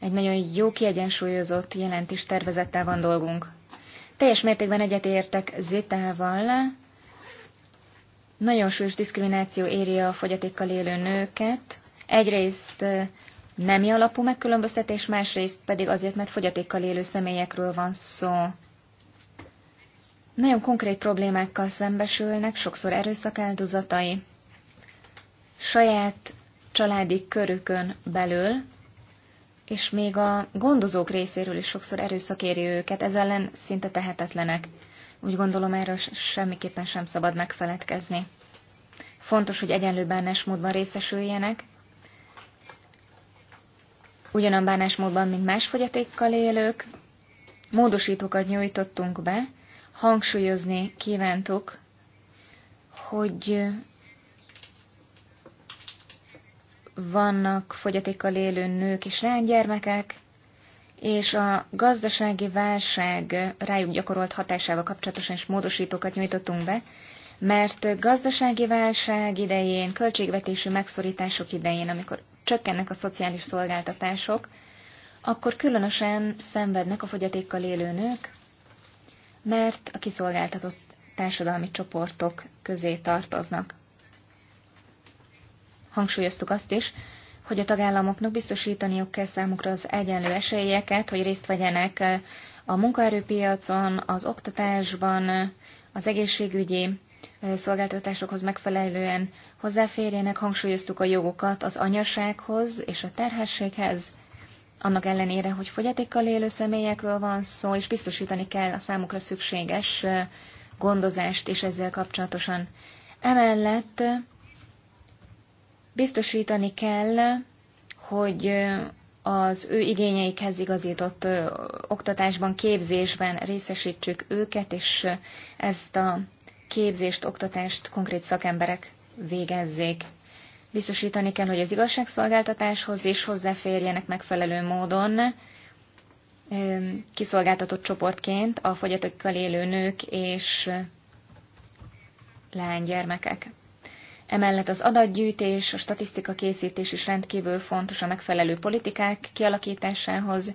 egy nagyon jó kiegyensúlyozott jelentés tervezettel van dolgunk. Teljes mértékben egyetértek Zitával, nagyon súlyos diszkrimináció éri a fogyatékkal élő nőket. Egyrészt nemi alapú megkülönböztetés, másrészt pedig azért, mert fogyatékkal élő személyekről van szó. Nagyon konkrét problémákkal szembesülnek, sokszor erőszak áldozatai. Saját családi körükön belül, és még a gondozók részéről is sokszor erőszak éri őket, ez ellen szinte tehetetlenek. Úgy gondolom, erről semmiképpen sem szabad megfeledkezni. Fontos, hogy egyenlő bánásmódban részesüljenek, ugyanan bánásmódban, mint más fogyatékkal élők. Módosítókat nyújtottunk be, hangsúlyozni kívántuk, hogy vannak fogyatékkal élő nők és lánygyermekek, és a gazdasági válság rájuk gyakorolt hatásával kapcsolatosan is módosítókat nyújtottunk be, mert gazdasági válság idején, költségvetési megszorítások idején, amikor csökkennek a szociális szolgáltatások, akkor különösen szenvednek a fogyatékkal élő nők, mert a kiszolgáltatott társadalmi csoportok közé tartoznak. Hangsúlyoztuk azt is, hogy a tagállamoknak biztosítaniuk kell számukra az egyenlő esélyeket, hogy részt vegyenek eh, a munkaerőpiacon, az oktatásban, az egészségügyi eh, szolgáltatásokhoz megfelelően hozzáférjenek, hangsúlyoztuk a jogokat az anyasághoz és a terhességhez, annak ellenére, hogy fogyatékkal élő személyekről van szó, és biztosítani kell a számukra szükséges eh, gondozást és ezzel kapcsolatosan. Emellett Biztosítani kell, hogy az ő igényeikhez igazított oktatásban, képzésben részesítsük őket, és ezt a képzést, oktatást konkrét szakemberek végezzék. Biztosítani kell, hogy az igazságszolgáltatáshoz is hozzáférjenek megfelelő módon, kiszolgáltatott csoportként a fogyatokkal élő nők és lánygyermekek. Emellett az adatgyűjtés, a statisztika készítés is rendkívül fontos a megfelelő politikák kialakításához,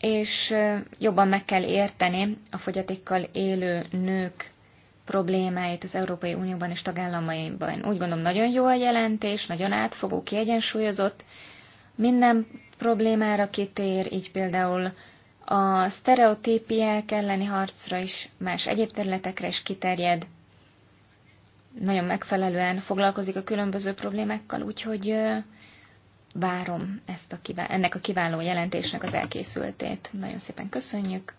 és jobban meg kell érteni a fogyatékkal élő nők problémáit az Európai Unióban és tagállamaiban. Úgy gondolom, nagyon jó a jelentés, nagyon átfogó, kiegyensúlyozott, minden problémára kitér, így például a sztereotípiák elleni harcra is, más egyéb területekre is kiterjed. Nagyon megfelelően foglalkozik a különböző problémákkal, úgyhogy várom ezt a kivá- ennek a kiváló jelentésnek az elkészültét. Nagyon szépen köszönjük.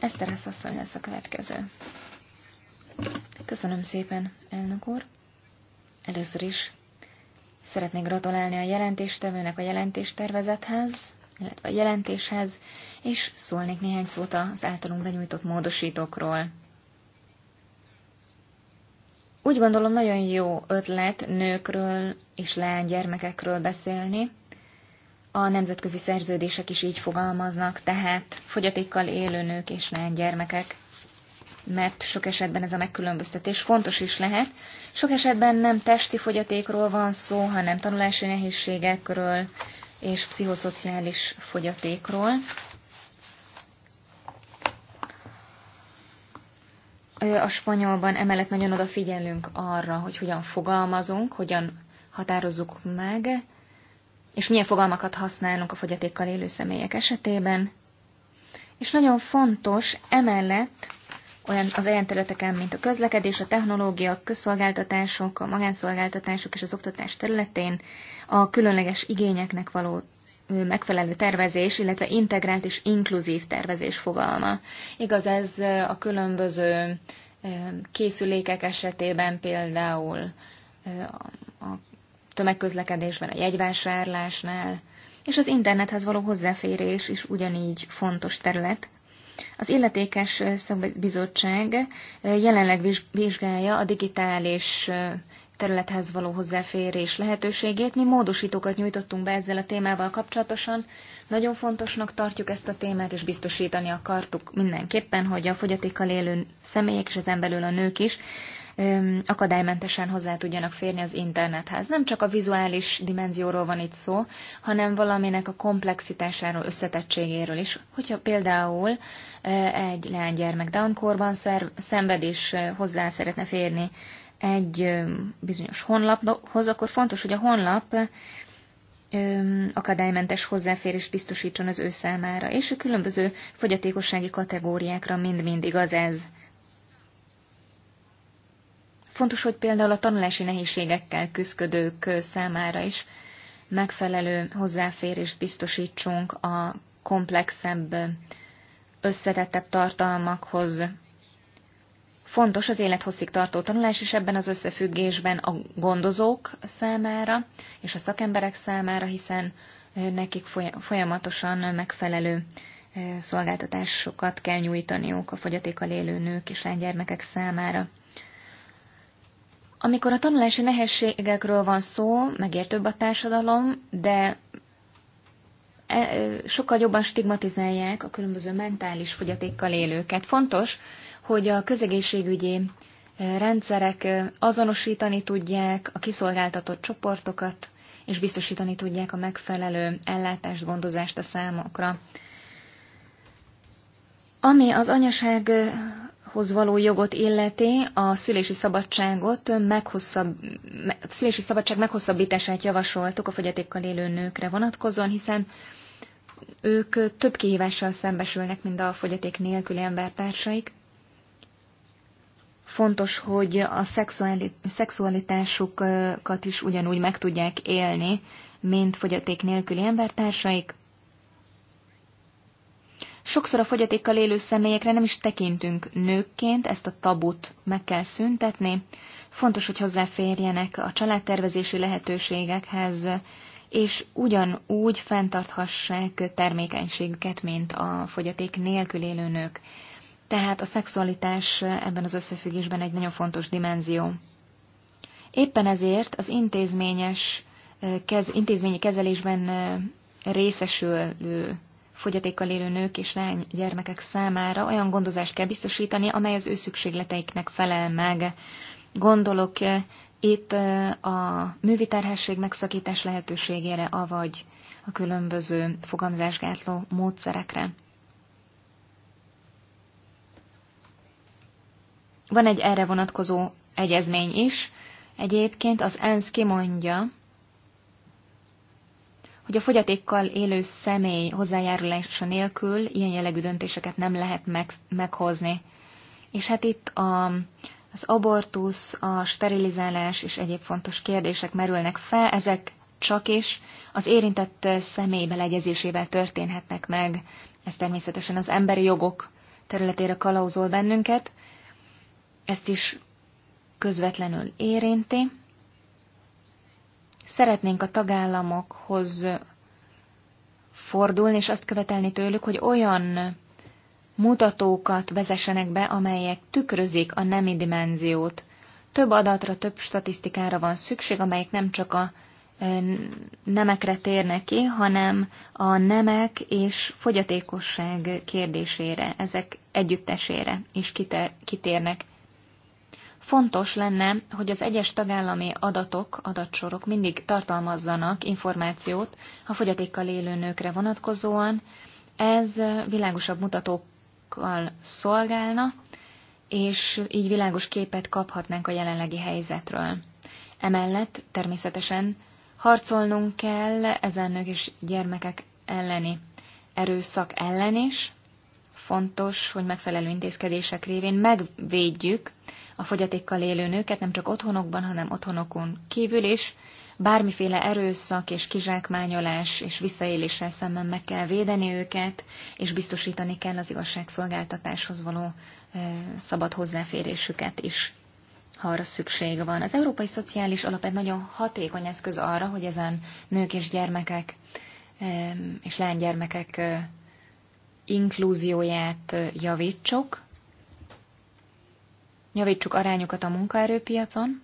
Eszter asszony lesz a következő. Köszönöm szépen, elnök úr. Először is szeretnék gratulálni a jelentéstevőnek a jelentéstervezethez illetve a jelentéshez, és szólnék néhány szót az általunk benyújtott módosítókról. Úgy gondolom nagyon jó ötlet nőkről és leánygyermekekről beszélni. A nemzetközi szerződések is így fogalmaznak, tehát fogyatékkal élő nők és leánygyermekek mert sok esetben ez a megkülönböztetés fontos is lehet. Sok esetben nem testi fogyatékról van szó, hanem tanulási nehézségekről, és pszichoszociális fogyatékról. A spanyolban emellett nagyon odafigyelünk arra, hogy hogyan fogalmazunk, hogyan határozzuk meg, és milyen fogalmakat használunk a fogyatékkal élő személyek esetében. És nagyon fontos emellett olyan, az olyan területeken, mint a közlekedés, a technológia, a közszolgáltatások, a magánszolgáltatások és az oktatás területén a különleges igényeknek való megfelelő tervezés, illetve integrált és inkluzív tervezés fogalma. Igaz, ez a különböző készülékek esetében például a tömegközlekedésben, a jegyvásárlásnál, és az internethez való hozzáférés is ugyanígy fontos terület, az illetékes szakbizottság jelenleg vizsgálja a digitális területhez való hozzáférés lehetőségét. Mi módosítókat nyújtottunk be ezzel a témával kapcsolatosan. Nagyon fontosnak tartjuk ezt a témát, és biztosítani akartuk mindenképpen, hogy a fogyatékkal élő személyek, és ezen belül a nők is akadálymentesen hozzá tudjanak férni az internethez. Nem csak a vizuális dimenzióról van itt szó, hanem valaminek a komplexitásáról, összetettségéről is. Hogyha például egy leánygyermek Down-korban szenved és hozzá szeretne férni egy bizonyos honlaphoz, akkor fontos, hogy a honlap akadálymentes hozzáférést biztosítson az ő számára, és a különböző fogyatékossági kategóriákra mind-mind igaz ez. Fontos, hogy például a tanulási nehézségekkel küzdők számára is megfelelő hozzáférést biztosítsunk a komplexebb, összetettebb tartalmakhoz. Fontos az élethosszig tartó tanulás is ebben az összefüggésben a gondozók számára és a szakemberek számára, hiszen nekik folyamatosan megfelelő szolgáltatásokat kell nyújtaniuk a fogyatékkal élő nők és lánygyermekek számára. Amikor a tanulási nehézségekről van szó, megértőbb a társadalom, de e, sokkal jobban stigmatizálják a különböző mentális fogyatékkal élőket. Fontos, hogy a közegészségügyi e, rendszerek azonosítani tudják a kiszolgáltatott csoportokat, és biztosítani tudják a megfelelő ellátást, gondozást a számokra. Ami az anyaság szabadsághoz való jogot illeti, a szülési szabadságot meghosszabb, szülési szabadság meghosszabbítását javasoltuk a fogyatékkal élő nőkre vonatkozóan, hiszen ők több kihívással szembesülnek, mint a fogyaték nélküli embertársaik. Fontos, hogy a szexualitásukat is ugyanúgy meg tudják élni, mint fogyaték nélküli embertársaik. Sokszor a fogyatékkal élő személyekre nem is tekintünk nőkként, ezt a tabut meg kell szüntetni. Fontos, hogy hozzáférjenek a családtervezési lehetőségekhez, és ugyanúgy fenntarthassák termékenységüket, mint a fogyaték nélkül élő nők. Tehát a szexualitás ebben az összefüggésben egy nagyon fontos dimenzió. Éppen ezért az intézményes, eh, kez, intézményi kezelésben eh, részesülő fogyatékkal élő nők és gyermekek számára olyan gondozást kell biztosítani, amely az ő szükségleteiknek felel meg. Gondolok eh, itt eh, a művitárhesség megszakítás lehetőségére, avagy a különböző fogamzásgátló módszerekre. Van egy erre vonatkozó egyezmény is. Egyébként az ENSZ kimondja, hogy a fogyatékkal élő személy hozzájárulása nélkül ilyen jellegű döntéseket nem lehet meg, meghozni. És hát itt a, az abortusz, a sterilizálás és egyéb fontos kérdések merülnek fel, ezek csak is az érintett személy beleegyezésével történhetnek meg. Ez természetesen az emberi jogok területére kalauzol bennünket, ezt is közvetlenül érinti. Szeretnénk a tagállamokhoz fordulni, és azt követelni tőlük, hogy olyan mutatókat vezessenek be, amelyek tükrözik a nemi dimenziót. Több adatra, több statisztikára van szükség, amelyek nem csak a nemekre térnek ki, hanem a nemek és fogyatékosság kérdésére, ezek együttesére is kitérnek. Fontos lenne, hogy az egyes tagállami adatok, adatsorok mindig tartalmazzanak információt a fogyatékkal élő nőkre vonatkozóan. Ez világosabb mutatókkal szolgálna, és így világos képet kaphatnánk a jelenlegi helyzetről. Emellett természetesen harcolnunk kell ezen nők és gyermekek elleni erőszak ellen is, fontos, hogy megfelelő intézkedések révén megvédjük a fogyatékkal élő nőket, nem csak otthonokban, hanem otthonokon kívül is. Bármiféle erőszak és kizsákmányolás és visszaéléssel szemben meg kell védeni őket, és biztosítani kell az igazságszolgáltatáshoz való szabad hozzáférésüket is ha arra szükség van. Az Európai Szociális Alap egy nagyon hatékony eszköz arra, hogy ezen nők és gyermekek és lánygyermekek inklúzióját javítsuk, javítsuk arányokat a munkaerőpiacon.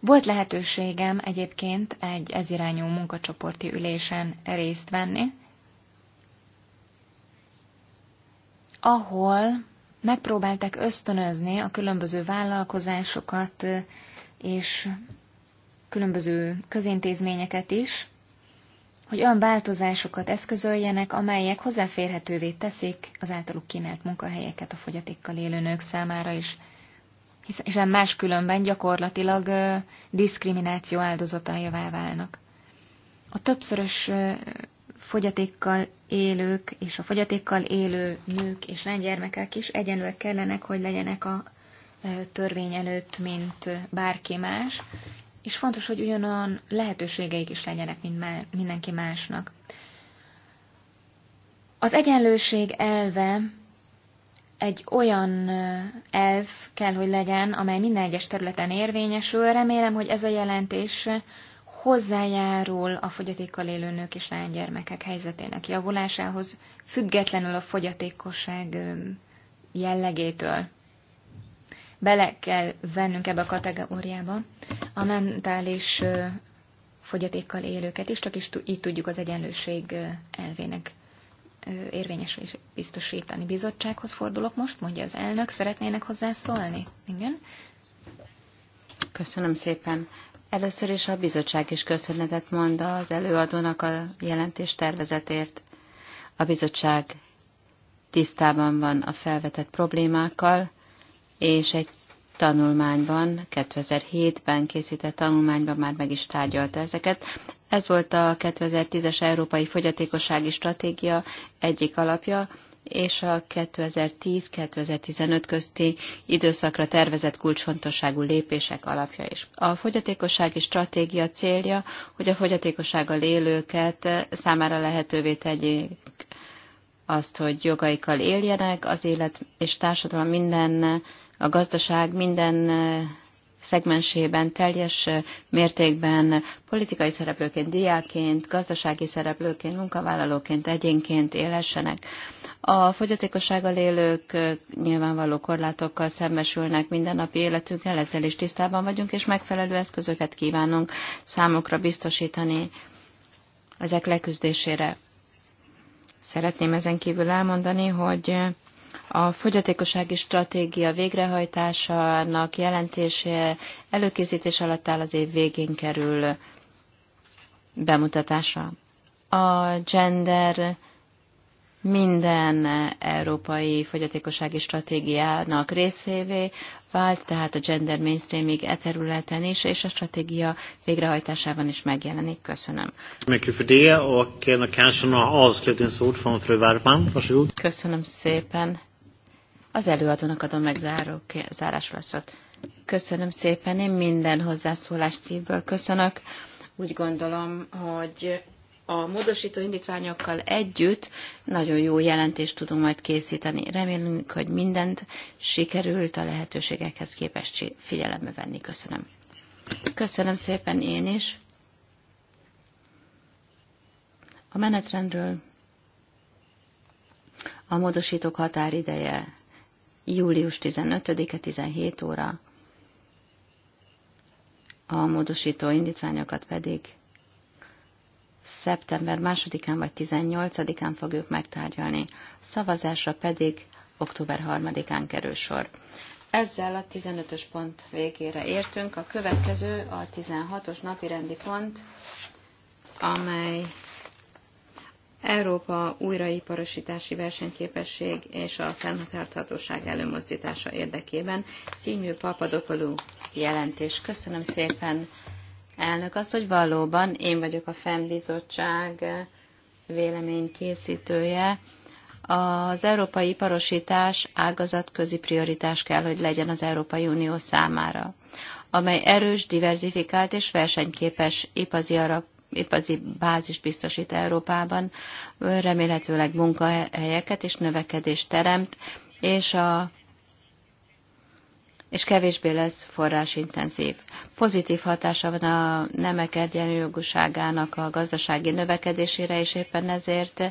Volt lehetőségem egyébként egy ezirányú munkacsoporti ülésen részt venni, ahol megpróbáltak ösztönözni a különböző vállalkozásokat és különböző közintézményeket is, hogy olyan változásokat eszközöljenek, amelyek hozzáférhetővé teszik az általuk kínált munkahelyeket a fogyatékkal élő nők számára is, hiszen máskülönben gyakorlatilag diszkrimináció áldozataivá válnak. A többszörös fogyatékkal élők és a fogyatékkal élő nők és lánygyermekek is egyenlőek kellenek, hogy legyenek a törvény előtt, mint bárki más, és fontos, hogy ugyanolyan lehetőségeik is legyenek, mint mindenki másnak. Az egyenlőség elve egy olyan elv kell, hogy legyen, amely minden egyes területen érvényesül. Remélem, hogy ez a jelentés hozzájárul a fogyatékkal élő nők és lánygyermekek helyzetének javulásához, függetlenül a fogyatékosság jellegétől bele kell vennünk ebbe a kategóriába a mentális fogyatékkal élőket is, csak is így tudjuk az egyenlőség elvének és biztosítani. Bizottsághoz fordulok most, mondja az elnök, szeretnének hozzászólni? Igen. Köszönöm szépen. Először is a bizottság is köszönetet mond az előadónak a jelentés tervezetért. A bizottság tisztában van a felvetett problémákkal, és egy tanulmányban, 2007-ben készített tanulmányban már meg is tárgyalta ezeket. Ez volt a 2010-es Európai Fogyatékossági Stratégia egyik alapja, és a 2010-2015 közti időszakra tervezett kulcsfontosságú lépések alapja is. A fogyatékossági stratégia célja, hogy a fogyatékossággal élőket számára lehetővé tegyék azt, hogy jogaikkal éljenek, az élet és társadalom minden a gazdaság minden szegmensében teljes mértékben politikai szereplőként, diáként, gazdasági szereplőként, munkavállalóként, egyénként élhessenek. A fogyatékossággal élők nyilvánvaló korlátokkal szembesülnek mindennapi életünkkel, ezzel is tisztában vagyunk, és megfelelő eszközöket kívánunk számukra biztosítani ezek leküzdésére. Szeretném ezen kívül elmondani, hogy a fogyatékossági stratégia végrehajtásának jelentése előkészítés alatt áll az év végén kerül bemutatásra. A gender minden európai fogyatékossági stratégiának részévé, vált, tehát a gender mainstreaming e területen is, és a stratégia végrehajtásában is megjelenik. Köszönöm. Köszönöm szépen. Az előadónak adom meg záró, Köszönöm szépen, én minden hozzászólást szívből köszönök. Úgy gondolom, hogy a módosító indítványokkal együtt nagyon jó jelentést tudunk majd készíteni. Remélünk, hogy mindent sikerült a lehetőségekhez képest figyelembe venni. Köszönöm. Köszönöm szépen én is. A menetrendről a módosítók határideje július 15-e 17 óra, a módosító indítványokat pedig szeptember 2-án vagy 18-án fogjuk megtárgyalni, szavazásra pedig október 3-án kerül sor. Ezzel a 15-ös pont végére értünk. A következő a 16-os napi rendi pont, amely Európa újraiparosítási versenyképesség és a fenntarthatóság előmozdítása érdekében című Papadopoulou jelentés. Köszönöm szépen! elnök az, hogy valóban én vagyok a fennbizottság eh, véleménykészítője. Az európai iparosítás ágazatközi prioritás kell, hogy legyen az Európai Unió számára, amely erős, diversifikált és versenyképes ipazi arab ipazi bázis biztosít Európában, remélhetőleg munkahelyeket és növekedést teremt, és a és kevésbé lesz forrásintenzív. Pozitív hatása van a nemek egyenjogúságának a gazdasági növekedésére, és éppen ezért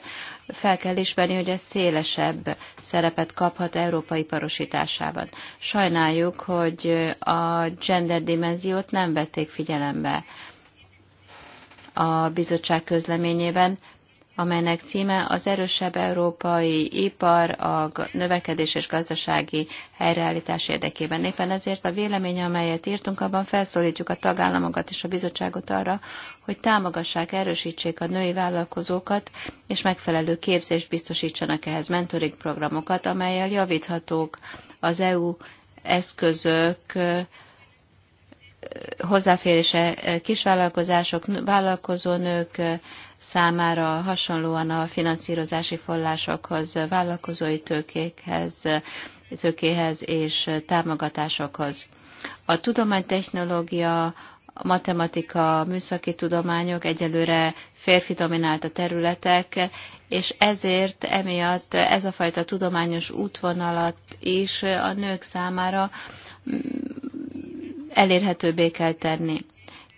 fel kell ismerni, hogy ez szélesebb szerepet kaphat európai parosításában. Sajnáljuk, hogy a gender dimenziót nem vették figyelembe a bizottság közleményében, amelynek címe az erősebb európai ipar a növekedés és gazdasági helyreállítás érdekében. Éppen ezért a vélemény, amelyet írtunk, abban felszólítjuk a tagállamokat és a bizottságot arra, hogy támogassák, erősítsék a női vállalkozókat, és megfelelő képzést biztosítsanak ehhez mentoring programokat, amelyel javíthatók az EU eszközök hozzáférése kisvállalkozások, vállalkozónők, számára hasonlóan a finanszírozási forrásokhoz, vállalkozói tőkékhez, tőkéhez és támogatásokhoz. A tudománytechnológia, matematika, műszaki tudományok egyelőre férfi dominált a területek, és ezért emiatt ez a fajta tudományos útvonalat is a nők számára mm, elérhetőbbé kell tenni.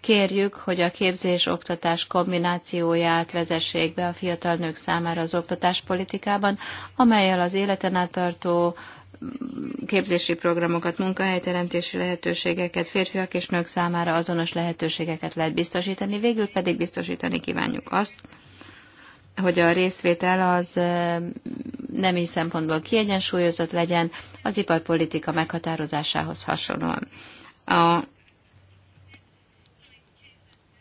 Kérjük, hogy a képzés-oktatás kombinációját vezessék be a fiatal nők számára az oktatáspolitikában, amelyel az életen át tartó mm, képzési programokat, munkahelyteremtési lehetőségeket, férfiak és nők számára azonos lehetőségeket lehet biztosítani, végül pedig biztosítani kívánjuk azt, hogy a részvétel az nemi szempontból kiegyensúlyozott legyen az iparpolitika meghatározásához hasonlóan. A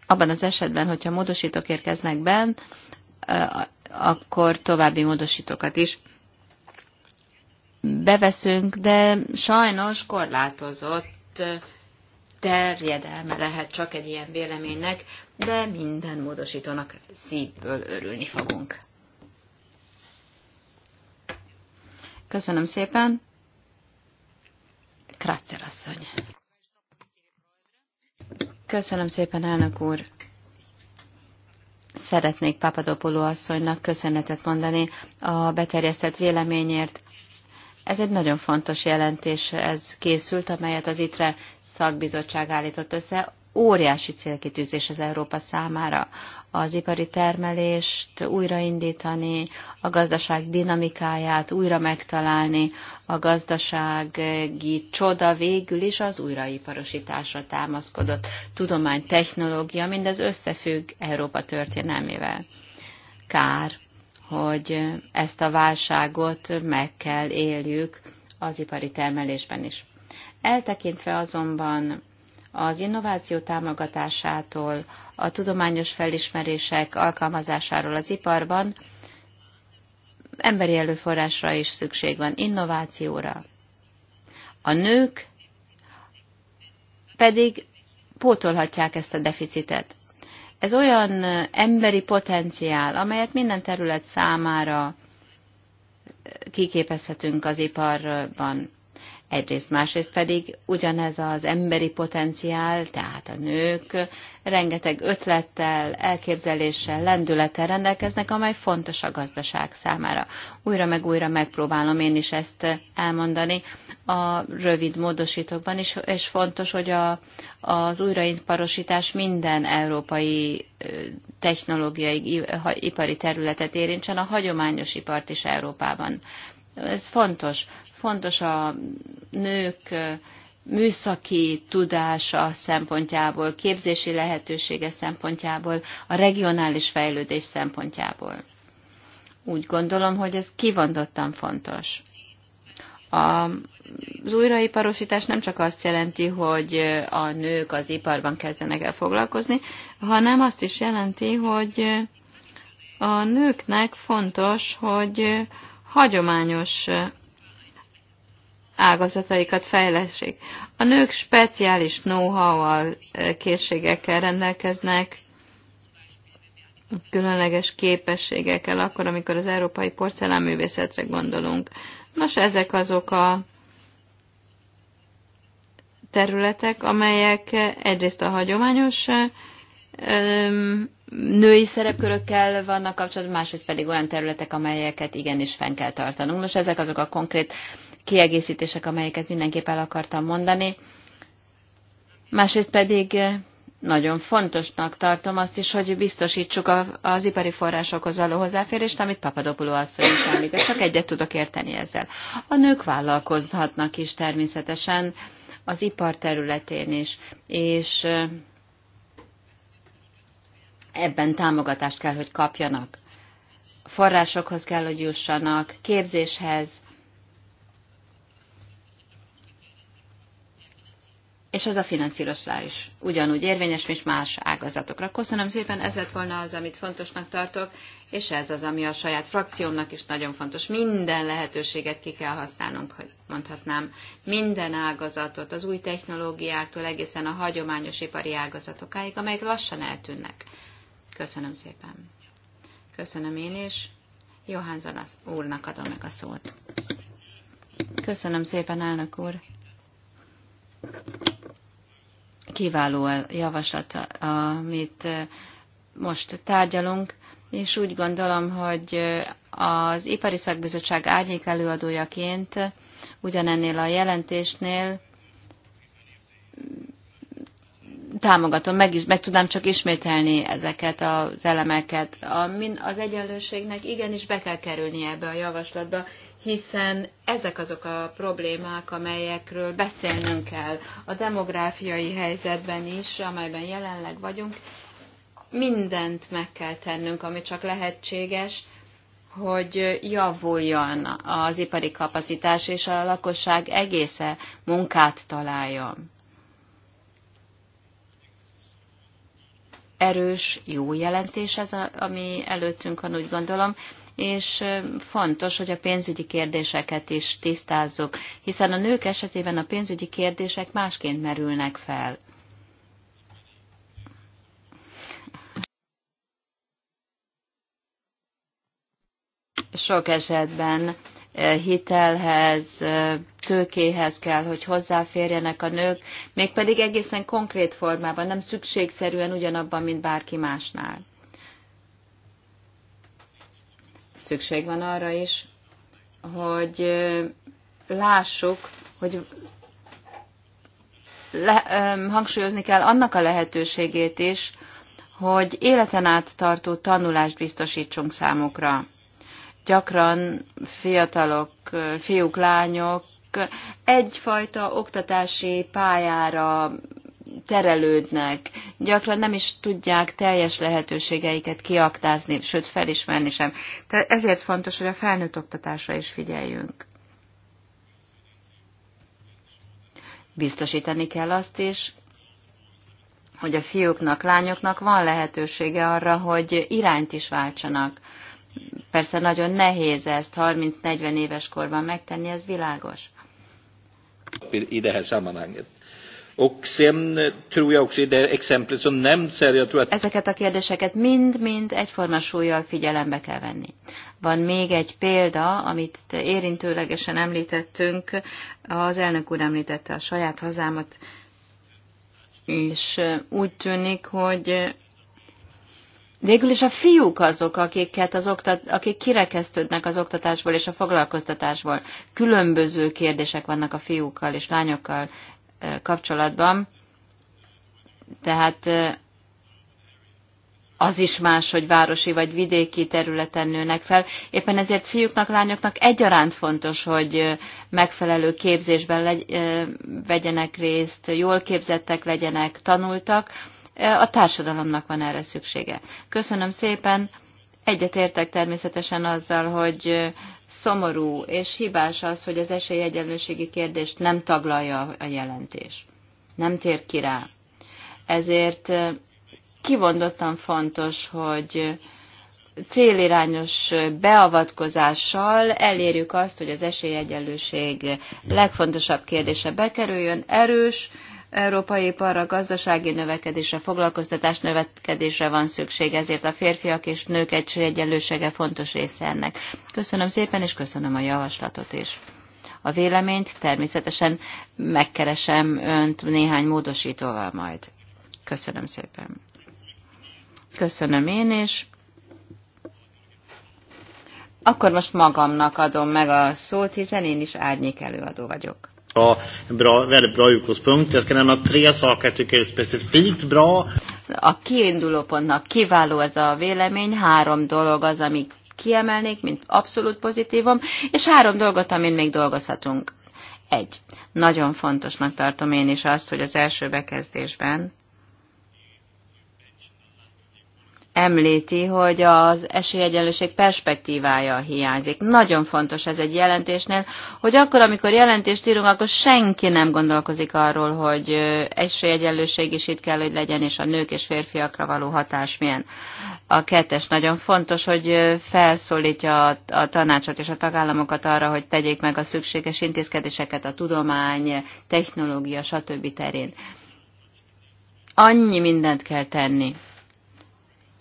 abban az esetben, hogyha módosítók érkeznek be, eh, akkor további módosítókat is beveszünk, de sajnos korlátozott eh, terjedelme lehet csak egy ilyen véleménynek, de minden módosítónak szívből örülni fogunk. Köszönöm szépen. Krácer asszony. Köszönöm szépen, elnök úr. Szeretnék Papadopoló asszonynak köszönetet mondani a beterjesztett véleményért. Ez egy nagyon fontos jelentés, ez készült, amelyet az ITRE szakbizottság állított össze, óriási célkitűzés az Európa számára az ipari termelést újraindítani, a gazdaság dinamikáját újra megtalálni, a gazdasági csoda végül is az újraiparosításra támaszkodott tudomány, technológia, mindez összefügg Európa történelmével. Kár, hogy ezt a válságot meg kell éljük az ipari termelésben is. Eltekintve azonban az innováció támogatásától, a tudományos felismerések alkalmazásáról az iparban emberi előforrásra is szükség van, innovációra. A nők pedig pótolhatják ezt a deficitet. Ez olyan emberi potenciál, amelyet minden terület számára kiképezhetünk az iparban. Egyrészt, másrészt pedig ugyanez az emberi potenciál, tehát a nők rengeteg ötlettel, elképzeléssel, lendülettel rendelkeznek, amely fontos a gazdaság számára. Újra meg újra megpróbálom én is ezt elmondani a rövid módosítókban is, és fontos, hogy a, az újraiparosítás minden európai technológiai ipari területet érintsen, a hagyományos ipart is Európában. Ez fontos fontos a nők műszaki tudása szempontjából, képzési lehetősége szempontjából, a regionális fejlődés szempontjából. Úgy gondolom, hogy ez kivondottan fontos. A, az újraiparosítás nem csak azt jelenti, hogy a nők az iparban kezdenek el foglalkozni, hanem azt is jelenti, hogy a nőknek fontos, hogy hagyományos ágazataikat fejlesztik. A nők speciális know-how-val, e, készségekkel rendelkeznek, különleges képességekkel, akkor, amikor az európai porcelánművészetre gondolunk. Nos, ezek azok a területek, amelyek egyrészt a hagyományos e, női szerepkörökkel vannak kapcsolatban, másrészt pedig olyan területek, amelyeket igenis fenn kell tartanunk. Nos, ezek azok a konkrét kiegészítések, amelyeket mindenképp el akartam mondani. Másrészt pedig eh, nagyon fontosnak tartom azt is, hogy biztosítsuk az ipari forrásokhoz való hozzáférést, amit Papadopoulou asszony is említ. Csak egyet tudok érteni ezzel. A nők vállalkozhatnak is természetesen az ipar területén is, és eh, ebben támogatást kell, hogy kapjanak. Forrásokhoz kell, hogy jussanak, képzéshez, és az a finanszírozásra is ugyanúgy érvényes, mint más ágazatokra. Köszönöm szépen, ez lett volna az, amit fontosnak tartok, és ez az, ami a saját frakciómnak is nagyon fontos. Minden lehetőséget ki kell használnunk, hogy mondhatnám, minden ágazatot, az új technológiáktól egészen a hagyományos ipari ágazatokáig, amelyek lassan eltűnnek. Köszönöm szépen. Köszönöm én is. Johann az úrnak adom meg a szót. Köszönöm szépen, elnök úr kiváló javaslat, amit most tárgyalunk, és úgy gondolom, hogy az Ipari Szakbizottság árnyék előadójaként ugyanennél a jelentésnél támogatom, meg, meg tudnám csak ismételni ezeket az elemeket. A, az egyenlőségnek igenis be kell kerülnie ebbe a javaslatba, hiszen ezek azok a problémák, amelyekről beszélnünk kell a demográfiai helyzetben is, amelyben jelenleg vagyunk. Mindent meg kell tennünk, ami csak lehetséges, hogy javuljon az ipari kapacitás, és a lakosság egésze munkát találjon. Erős, jó jelentés ez, ami előttünk van, úgy gondolom és fontos, hogy a pénzügyi kérdéseket is tisztázzuk, hiszen a nők esetében a pénzügyi kérdések másként merülnek fel. Sok esetben hitelhez, tőkéhez kell, hogy hozzáférjenek a nők, mégpedig egészen konkrét formában, nem szükségszerűen ugyanabban, mint bárki másnál. szükség van arra is, hogy lássuk, hogy le, hangsúlyozni kell annak a lehetőségét is, hogy életen át tartó tanulást biztosítsunk számukra. Gyakran fiatalok, fiúk, lányok egyfajta oktatási pályára terelődnek, gyakran nem is tudják teljes lehetőségeiket kiaktázni, sőt felismerni sem. Tehát ezért fontos, hogy a felnőtt oktatásra is figyeljünk. Biztosítani kell azt is, hogy a fiúknak, lányoknak van lehetősége arra, hogy irányt is váltsanak. Persze nagyon nehéz ezt 30-40 éves korban megtenni, ez világos. Idehez samananget. Och sen eh, tror jag också i det exemplet som nämns här, jag tror att... Ezeket a kérdéseket mind-mind egyforma súlyjal figyelembe kell venni. Van még egy példa, amit érintőlegesen említettünk, az elnök úr említette a saját hazámat, és eh, úgy tűnik, hogy eh, végül is a fiúk azok, akiket az oktat, akik kirekesztődnek az oktatásból és a foglalkoztatásból. Különböző kérdések vannak a fiúkkal és lányokkal kapcsolatban. Tehát az is más, hogy városi vagy vidéki területen nőnek fel. Éppen ezért fiúknak, lányoknak egyaránt fontos, hogy megfelelő képzésben legy, vegyenek részt, jól képzettek legyenek, tanultak. A társadalomnak van erre szüksége. Köszönöm szépen! Egyetértek természetesen azzal, hogy szomorú és hibás az, hogy az esélyegyenlőségi kérdést nem taglalja a jelentés. Nem tér ki rá. Ezért eh, kivondottan fontos, hogy célirányos beavatkozással elérjük azt, hogy az esélyegyenlőség legfontosabb kérdése bekerüljön. Erős, európai iparra, gazdasági növekedésre, foglalkoztatás növekedésre van szükség, ezért a férfiak és nők egyenlősége fontos része ennek. Köszönöm szépen, és köszönöm a javaslatot is. A véleményt természetesen megkeresem önt néhány módosítóval majd. Köszönöm szépen. Köszönöm én is. Akkor most magamnak adom meg a szót, hiszen én is árnyék előadó vagyok bra, bra, väldigt bra utgångspunkt. Jag ska nämna tre saker jag tycker är specifikt bra. A kiindulópontnak kiváló ez a vélemény, három dolog az, ami kiemelnék, mint abszolút pozitívom, és három dolgot, amin még dolgozhatunk. Egy. Nagyon fontosnak tartom én is azt, hogy az első bekezdésben említi, hogy az esélyegyenlőség perspektívája hiányzik. Nagyon fontos ez egy jelentésnél, hogy akkor, amikor jelentést írunk, akkor senki nem gondolkozik arról, hogy esélyegyenlőség is itt kell, hogy legyen, és a nők és férfiakra való hatás milyen. A kettes nagyon fontos, hogy felszólítja a, tanácsot és a tagállamokat arra, hogy tegyék meg a szükséges intézkedéseket a tudomány, technológia, stb. terén. Annyi mindent kell tenni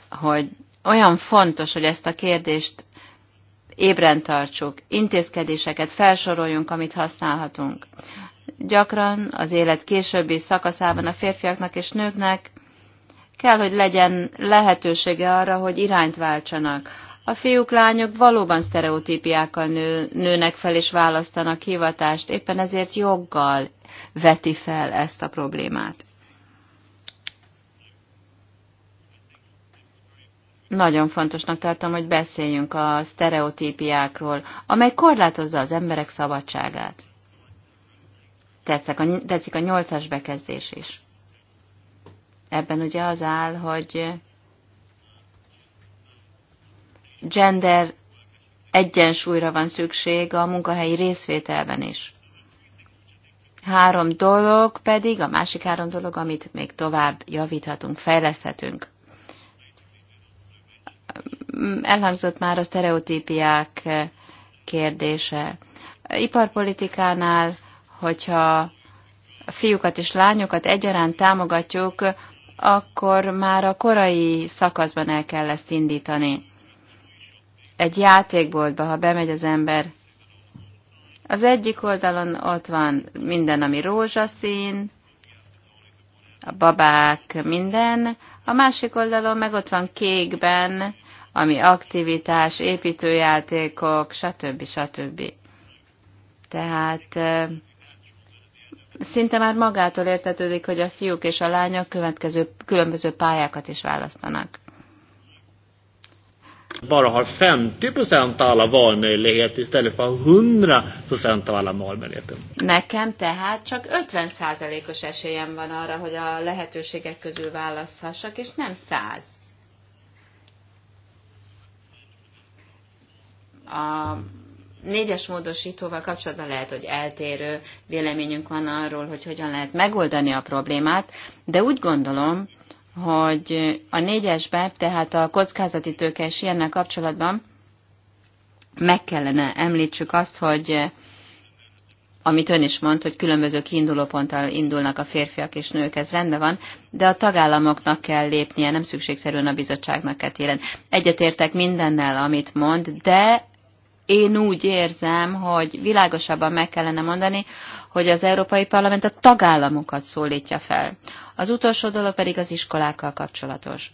hogy olyan fontos, hogy ezt a kérdést ébren tartsuk, intézkedéseket felsoroljunk, amit használhatunk. Gyakran az élet későbbi szakaszában a férfiaknak és nőknek kell, hogy legyen lehetősége arra, hogy irányt váltsanak. A fiúk, lányok valóban sztereotípiákkal nő, nőnek fel és választanak hivatást, éppen ezért joggal veti fel ezt a problémát. nagyon fontosnak tartom, hogy beszéljünk a sztereotípiákról, amely korlátozza az emberek szabadságát. Tetszik a, tetszik a nyolcas bekezdés is. Ebben ugye az áll, hogy gender egyensúlyra van szükség a munkahelyi részvételben is. Három dolog pedig, a másik három dolog, amit még tovább javíthatunk, fejleszthetünk elhangzott már a sztereotípiák kérdése. Iparpolitikánál, hogyha fiúkat és lányokat egyaránt támogatjuk, akkor már a korai szakaszban el kell ezt indítani. Egy játékboltba, ha bemegy az ember, az egyik oldalon ott van minden, ami rózsaszín, a babák, minden, a másik oldalon meg ott van kékben ami aktivitás, építőjátékok, stb. stb. Tehát szinte már magától értetődik, hogy a fiúk és a lányok következő, különböző pályákat is választanak. bara har 50% av alla valmöjligheter istället för 100% av alla valmöjligheter. Nekem tehát csak 50%-os esélyem van arra, hogy a lehetőségek közül választhassak, és nem 100. a négyes módosítóval kapcsolatban lehet, hogy eltérő véleményünk van arról, hogy hogyan lehet megoldani a problémát, de úgy gondolom, hogy a négyesben, tehát a kockázati tőke és ilyennel kapcsolatban meg kellene említsük azt, hogy amit ön is mond, hogy különböző kiindulóponttal indulnak a férfiak és nők, ez rendben van, de a tagállamoknak kell lépnie, nem szükségszerűen a bizottságnak kell téren. Egyetértek mindennel, amit mond, de én úgy érzem, hogy világosabban meg kellene mondani, hogy az Európai Parlament a tagállamokat szólítja fel. Az utolsó dolog pedig az iskolákkal kapcsolatos.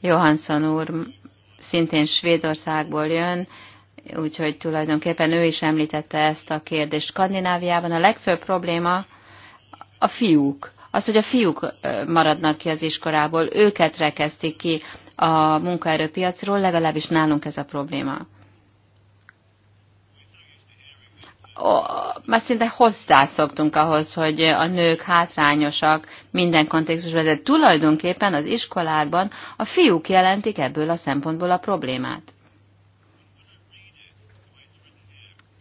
Johansson úr szintén Svédországból jön, úgyhogy tulajdonképpen ő is említette ezt a kérdést. Skandináviában a legfőbb probléma a fiúk. Az, hogy a fiúk maradnak ki az iskolából, őket rekeztik ki a munkaerőpiacról, legalábbis nálunk ez a probléma. Már szinte hozzászoktunk ahhoz, hogy a nők hátrányosak minden kontextusban, de tulajdonképpen az iskolákban a fiúk jelentik ebből a szempontból a problémát.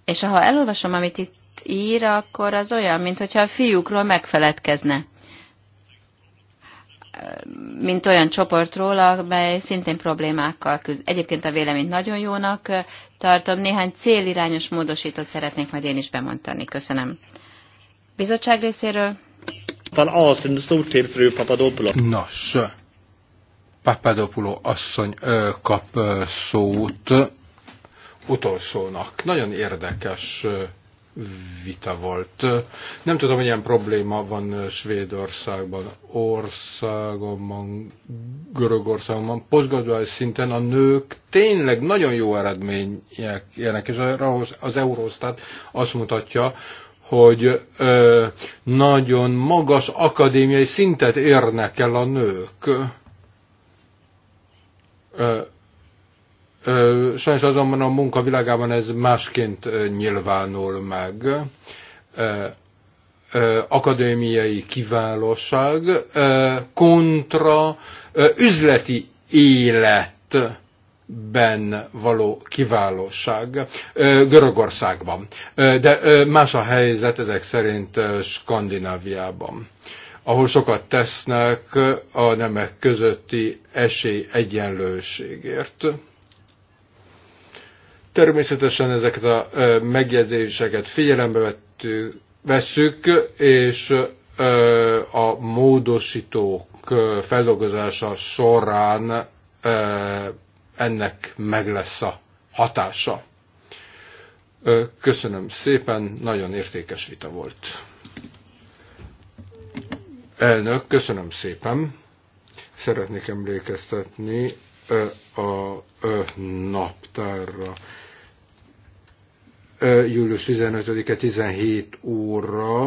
És ha elolvasom, amit itt ír, akkor az olyan, mintha a fiúkról megfeledkezne mint olyan csoportról, amely szintén problémákkal küzd. Egyébként a véleményt nagyon jónak tartom. Néhány célirányos módosítót szeretnék majd én is bemondani. Köszönöm. Bizottság részéről? Nos, Papadopulo asszony ö, kap ö, szót utolsónak. Nagyon érdekes ö, vita volt. Nem tudom, milyen probléma van Svédországban, országomban, Görögországban. Postgraduális szinten a nők tényleg nagyon jó eredmények jelnek, és az Eurostat azt mutatja, hogy ö, nagyon magas akadémiai szintet érnek el a nők. Ö, Sajnos azonban a munka világában ez másként nyilvánul meg. Akadémiai kiválóság kontra üzleti életben való kiválóság Görögországban. De más a helyzet ezek szerint Skandináviában, ahol sokat tesznek a nemek közötti esély egyenlőségért. Természetesen ezeket a megjegyzéseket figyelembe vettük, vesszük, és a módosítók feldolgozása során ennek meg lesz a hatása. Köszönöm szépen, nagyon értékes vita volt. Elnök, köszönöm szépen. Szeretnék emlékeztetni a naptárra július 15-e 17 óra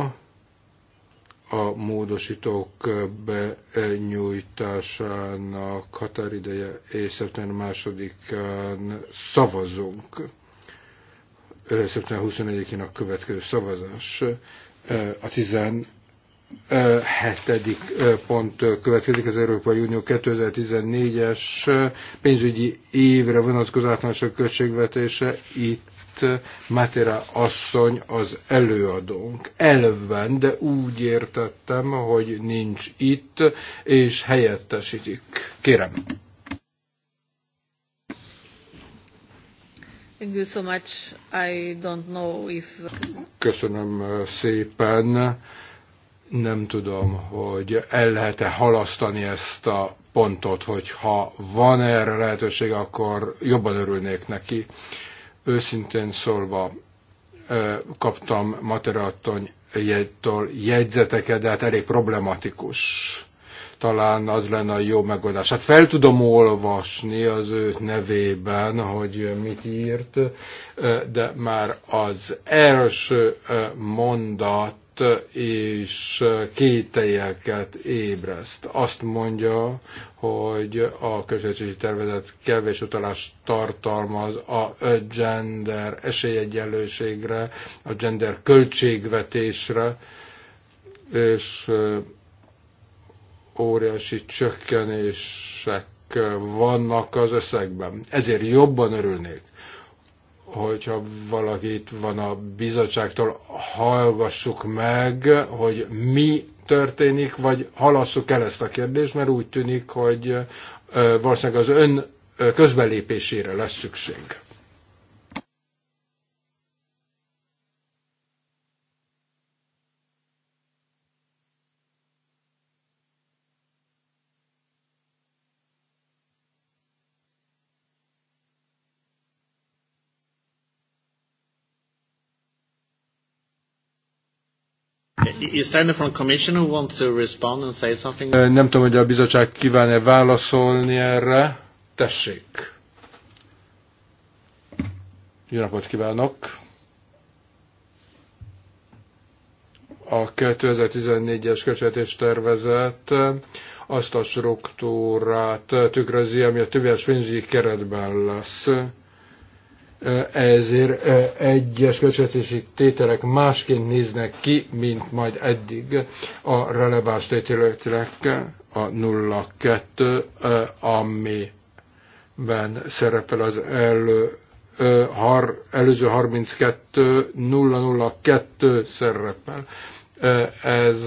a módosítók benyújtásának határideje és szeptember másodikán szavazunk. Szeptember 21 én a következő szavazás. A 17. pont következik az Európai Unió 2014-es pénzügyi évre vonatkozó általános költségvetése. Itt Matera asszony az előadónk. Elvben, de úgy értettem, hogy nincs itt, és helyettesítik. Kérem. Thank you so much. I don't know if... Köszönöm szépen. Nem tudom, hogy el lehet-e halasztani ezt a pontot, hogyha van erre lehetőség, akkor jobban örülnék neki. Őszintén szólva kaptam Materattony jegyzeteket, de hát elég problematikus. Talán az lenne a jó megoldás. Hát fel tudom olvasni az ő nevében, hogy mit írt, de már az első mondat és kételyeket ébreszt. Azt mondja, hogy a közösségi tervezet kevés utalást tartalmaz a gender esélyegyenlőségre, a gender költségvetésre, és óriási csökkenések vannak az összegben. Ezért jobban örülnék, hogyha valaki itt van a bizottságtól, hallgassuk meg, hogy mi történik, vagy halasszuk el ezt a kérdést, mert úgy tűnik, hogy valószínűleg az ön közbelépésére lesz szükség. Nem tudom, hogy a bizottság kíván-e válaszolni erre. Tessék! Jó napot kívánok! A 2014-es köcsetés tervezet azt a struktúrát tükrözi, ami a többes pénzügyi keretben lesz ezért egyes költségvetési tételek másként néznek ki, mint majd eddig a releváns tételek a 02, amiben szerepel az elő, har, előző 32 002 szerepel. Ez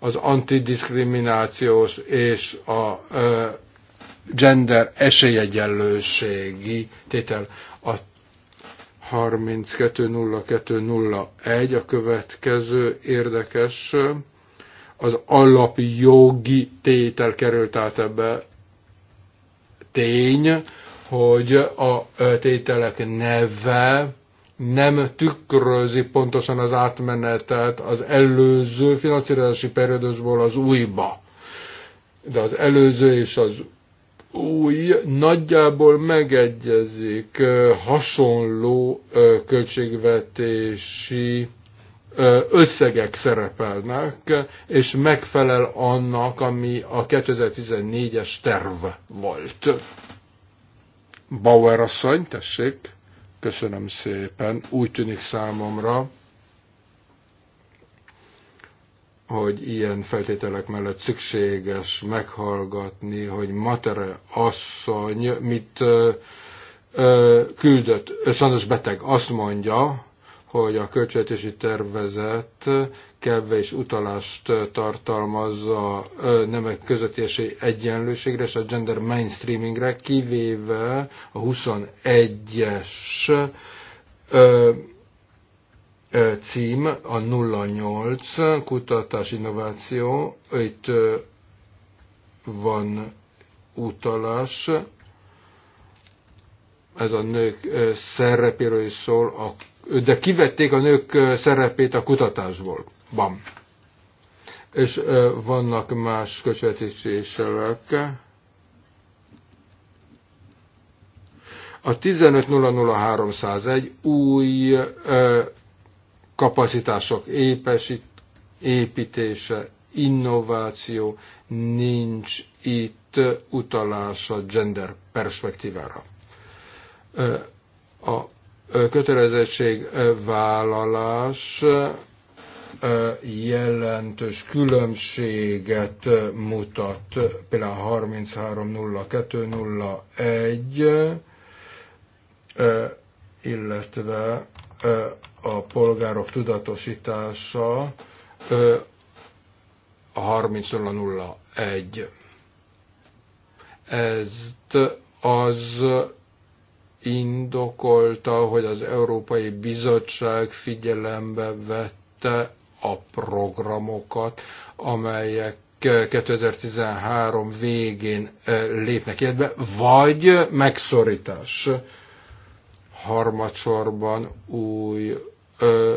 az antidiskriminációs és a gender esélyegyenlőségi tétel. A 32.02.01 a következő érdekes, az alapjogi tétel került át ebbe tény, hogy a tételek neve nem tükrözi pontosan az átmenetet az előző finanszírozási periódusból az újba. De az előző és az új nagyjából megegyezik hasonló költségvetési összegek szerepelnek, és megfelel annak, ami a 2014-es terv volt. Bauer asszony, tessék, köszönöm szépen, úgy tűnik számomra, hogy ilyen feltételek mellett szükséges meghallgatni, hogy Matere asszony mit küldött, sajnos beteg, azt mondja, hogy a költségvetési tervezet kevés utalást tartalmaz a nemek közötti egyenlőségre és a gender mainstreamingre, kivéve a 21-es cím, a 08 kutatás innováció, itt van utalás, ez a nők szerepéről is szól, de kivették a nők szerepét a kutatásból. Bam. És vannak más közvetítéselek. A 1500301 új kapacitások épesít, építése, innováció, nincs itt utalás a gender perspektívára. A kötelezettség vállalás jelentős különbséget mutat, például 33.02.01, illetve a polgárok tudatosítása a 3001. Ezt az indokolta, hogy az Európai Bizottság figyelembe vette a programokat, amelyek 2013 végén lépnek életbe, vagy megszorítás Harmadsorban új ö,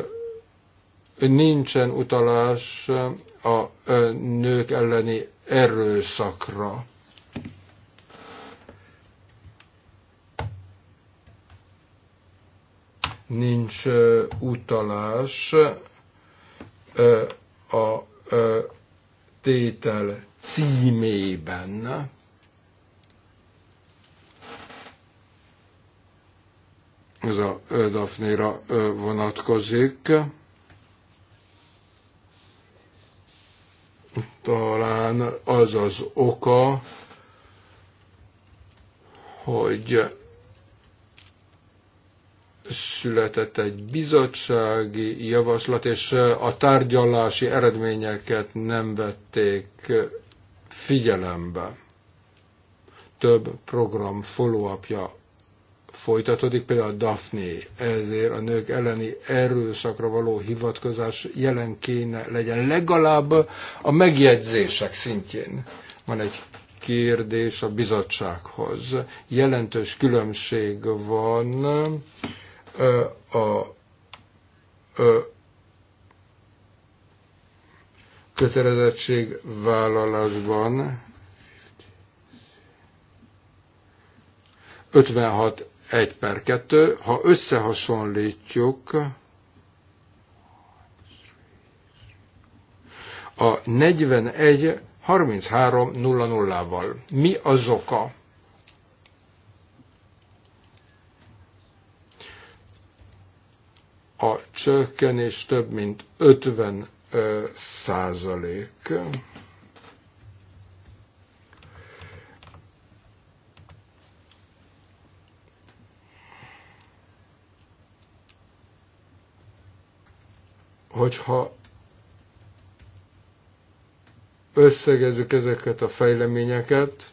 nincsen utalás a ö, nők elleni erőszakra. Nincs ö, utalás ö, a ö, tétel címében ez a Daphnéra vonatkozik. Talán az az oka, hogy született egy bizottsági javaslat, és a tárgyalási eredményeket nem vették figyelembe. Több program follow folytatódik, például a Daphne, ezért a nők elleni erőszakra való hivatkozás jelen kéne legyen, legalább a megjegyzések szintjén. Van egy kérdés a bizottsághoz. Jelentős különbség van a, kötelezettség vállalásban 56 1 per 2, ha összehasonlítjuk a 41 33 0 0 val Mi az oka? A csökkenés több mint 50 százalék. hogyha összegezzük ezeket a fejleményeket,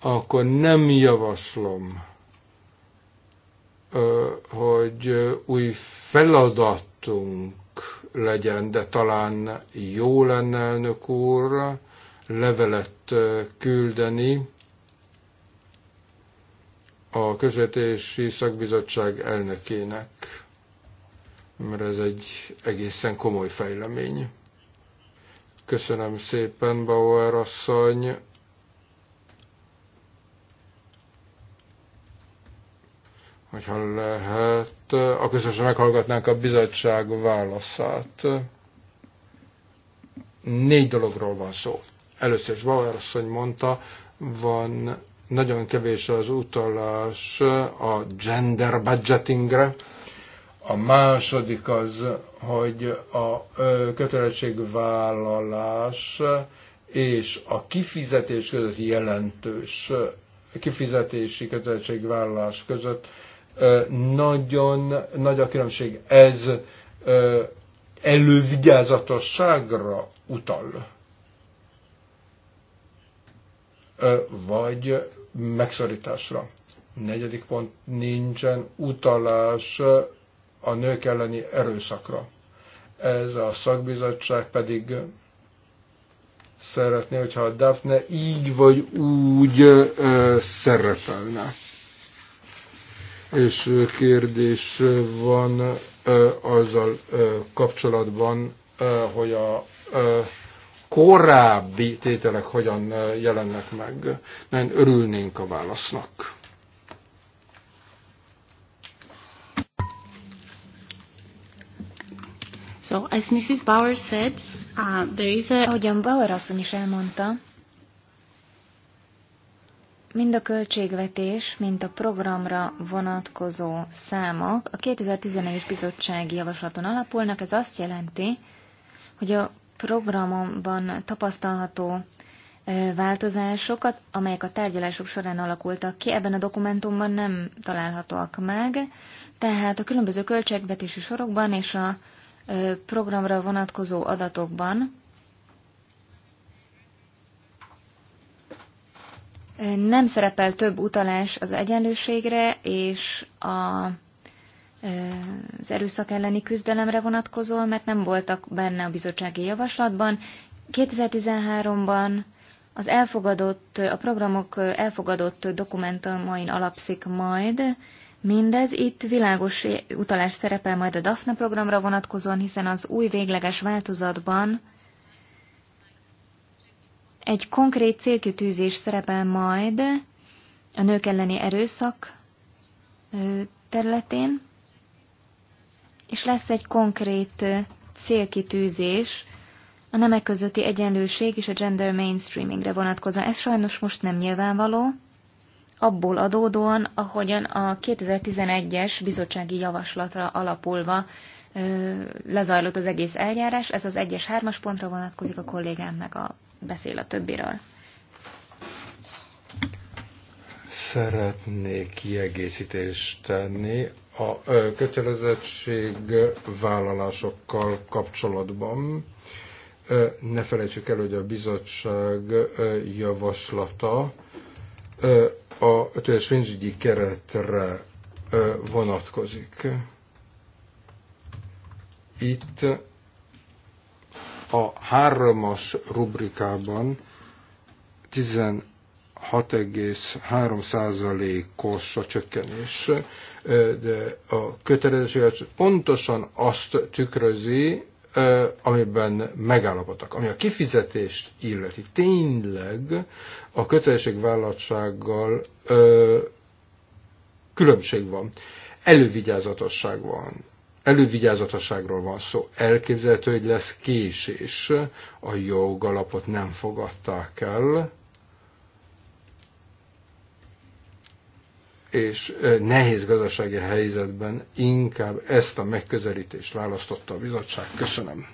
akkor nem javaslom, hogy új feladatunk legyen, de talán jó lenne elnök úr levelet küldeni a közvetési szakbizottság elnökének mert ez egy egészen komoly fejlemény. Köszönöm szépen, Bauer asszony. Hogyha lehet, akkor szóval meghallgatnánk a bizottság válaszát. Négy dologról van szó. Először is Bauer asszony mondta, van nagyon kevés az utalás a gender budgetingre, a második az, hogy a kötelezettségvállalás és a kifizetés között jelentős kifizetési kötelezettségvállalás között nagyon nagy a különbség. Ez elővigyázatosságra utal. Vagy megszorításra. Negyedik pont, nincsen utalás a nők elleni erőszakra. Ez a szakbizottság pedig szeretné, hogyha a Daphne így vagy úgy ö, szerepelne. És kérdés van ö, azzal ö, kapcsolatban, ö, hogy a ö, korábbi tételek hogyan jelennek meg. Nagyon örülnénk a válasznak. So, as Mrs. Bauer said, uh, there is a... Ahogyan Bauer asszony is elmondta, mind a költségvetés, mint a programra vonatkozó számok a 2011-es bizottsági javaslaton alapulnak. Ez azt jelenti, hogy a programban tapasztalható változásokat, amelyek a tárgyalások során alakultak ki, ebben a dokumentumban nem találhatóak meg, tehát a különböző költségvetési sorokban és a programra vonatkozó adatokban nem szerepel több utalás az egyenlőségre és a az erőszak elleni küzdelemre vonatkozó, mert nem voltak benne a bizottsági javaslatban. 2013-ban az elfogadott, a programok elfogadott dokumentumain alapszik majd Mindez itt világos utalás szerepel majd a DAFNA programra vonatkozóan, hiszen az új végleges változatban egy konkrét célkitűzés szerepel majd a nők elleni erőszak területén, és lesz egy konkrét célkitűzés a nemek közötti egyenlőség és a gender mainstreamingre vonatkozóan. Ez sajnos most nem nyilvánvaló, abból adódóan, ahogyan a 2011-es bizottsági javaslatra alapulva lezajlott az egész eljárás. Ez az 1-es 3-as pontra vonatkozik, a kollégám meg a beszél a többiről. Szeretnék kiegészítést tenni a kötelezettségvállalásokkal kapcsolatban. Ne felejtsük el, hogy a bizottság javaslata a ötös pénzügyi keretre vonatkozik. Itt a hármas rubrikában 16,3%-os a csökkenés, de a kötelezettség pontosan azt tükrözi, amiben megállapodtak. Ami a kifizetést illeti, tényleg a kötelességvállalatsággal különbség van. Elővigyázatosság van. Elővigyázatosságról van szó. Elképzelhető, hogy lesz késés. A jogalapot nem fogadták el, és nehéz gazdasági helyzetben inkább ezt a megközelítést választotta a bizottság. Köszönöm.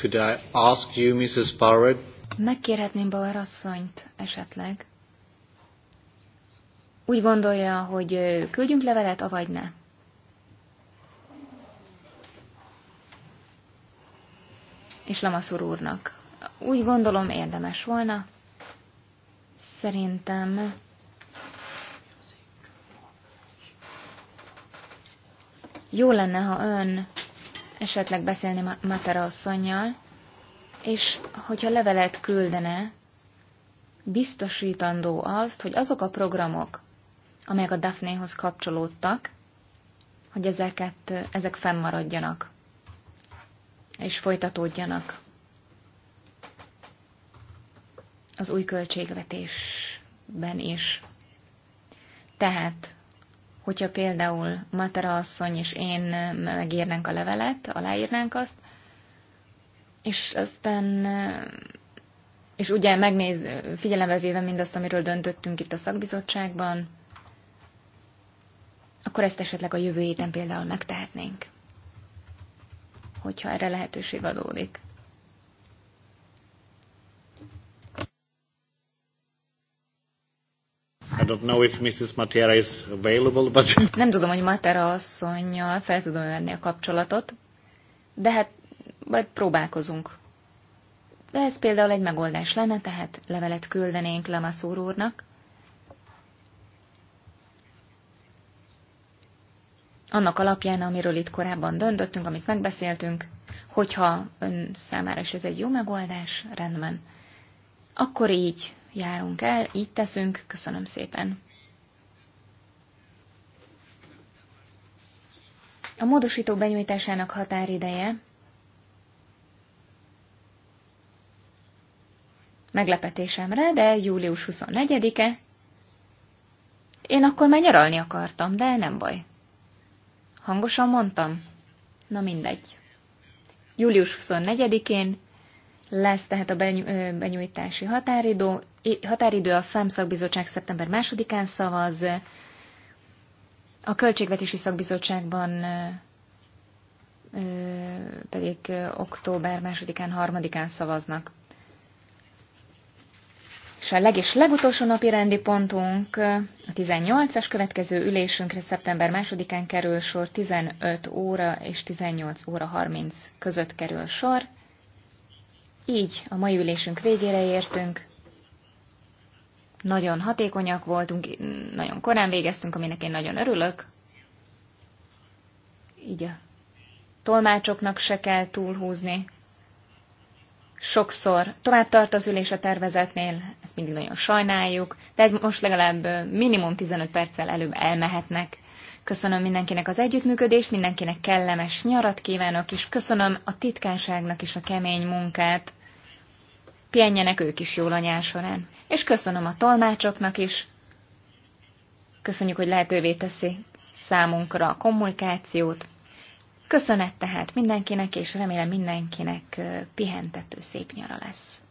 Could I ask you, Mrs. Barrett? Megkérhetném Bauer asszonyt esetleg. Úgy gondolja, hogy küldjünk levelet, avagy ne? és Lamaszur úrnak. Úgy gondolom érdemes volna. Szerintem jó lenne, ha ön esetleg beszélni Matera asszonynal, és hogyha levelet küldene, biztosítandó azt, hogy azok a programok, amelyek a Daphnéhoz kapcsolódtak, hogy ezeket, ezek fennmaradjanak és folytatódjanak az új költségvetésben is. Tehát, hogyha például Matera asszony és én megírnánk a levelet, aláírnánk azt, és aztán és ugye megnéz, figyelembe véve mindazt, amiről döntöttünk itt a szakbizottságban, akkor ezt esetleg a jövő héten például megtehetnénk hogyha erre lehetőség adódik. I don't know if Mrs. Matera is available, but... Nem tudom, hogy Matera asszonynal fel tudom venni a kapcsolatot, de hát majd próbálkozunk. De ez például egy megoldás lenne, tehát levelet küldenénk Lamaszúr úrnak, annak alapján, amiről itt korábban döntöttünk, amit megbeszéltünk, hogyha ön számára is ez egy jó megoldás, rendben. Akkor így járunk el, így teszünk, köszönöm szépen. A módosító benyújtásának határideje meglepetésemre, de július 24-e. Én akkor már nyaralni akartam, de nem baj. Hangosan mondtam? Na mindegy. Július 24-én lesz tehát a benyújtási határidő. Határidő a FEM szakbizottság szeptember 2-án szavaz. A költségvetési szakbizottságban pedig október 2-án, 3-án szavaznak. És a leg és legutolsó napi rendi pontunk a 18-as következő ülésünkre szeptember 2-án kerül sor, 15 óra és 18 óra 30 között kerül sor. Így a mai ülésünk végére értünk. Nagyon hatékonyak voltunk, nagyon korán végeztünk, aminek én nagyon örülök. Így a tolmácsoknak se kell túlhúzni sokszor tovább tart az ülés a tervezetnél, ezt mindig nagyon sajnáljuk, de most legalább minimum 15 perccel előbb elmehetnek. Köszönöm mindenkinek az együttműködést, mindenkinek kellemes nyarat kívánok, és köszönöm a titkárságnak is a kemény munkát. Pihenjenek ők is jól a nyár során. És köszönöm a tolmácsoknak is. Köszönjük, hogy lehetővé teszi számunkra a kommunikációt. Köszönet tehát mindenkinek, és remélem mindenkinek pihentető szép nyara lesz.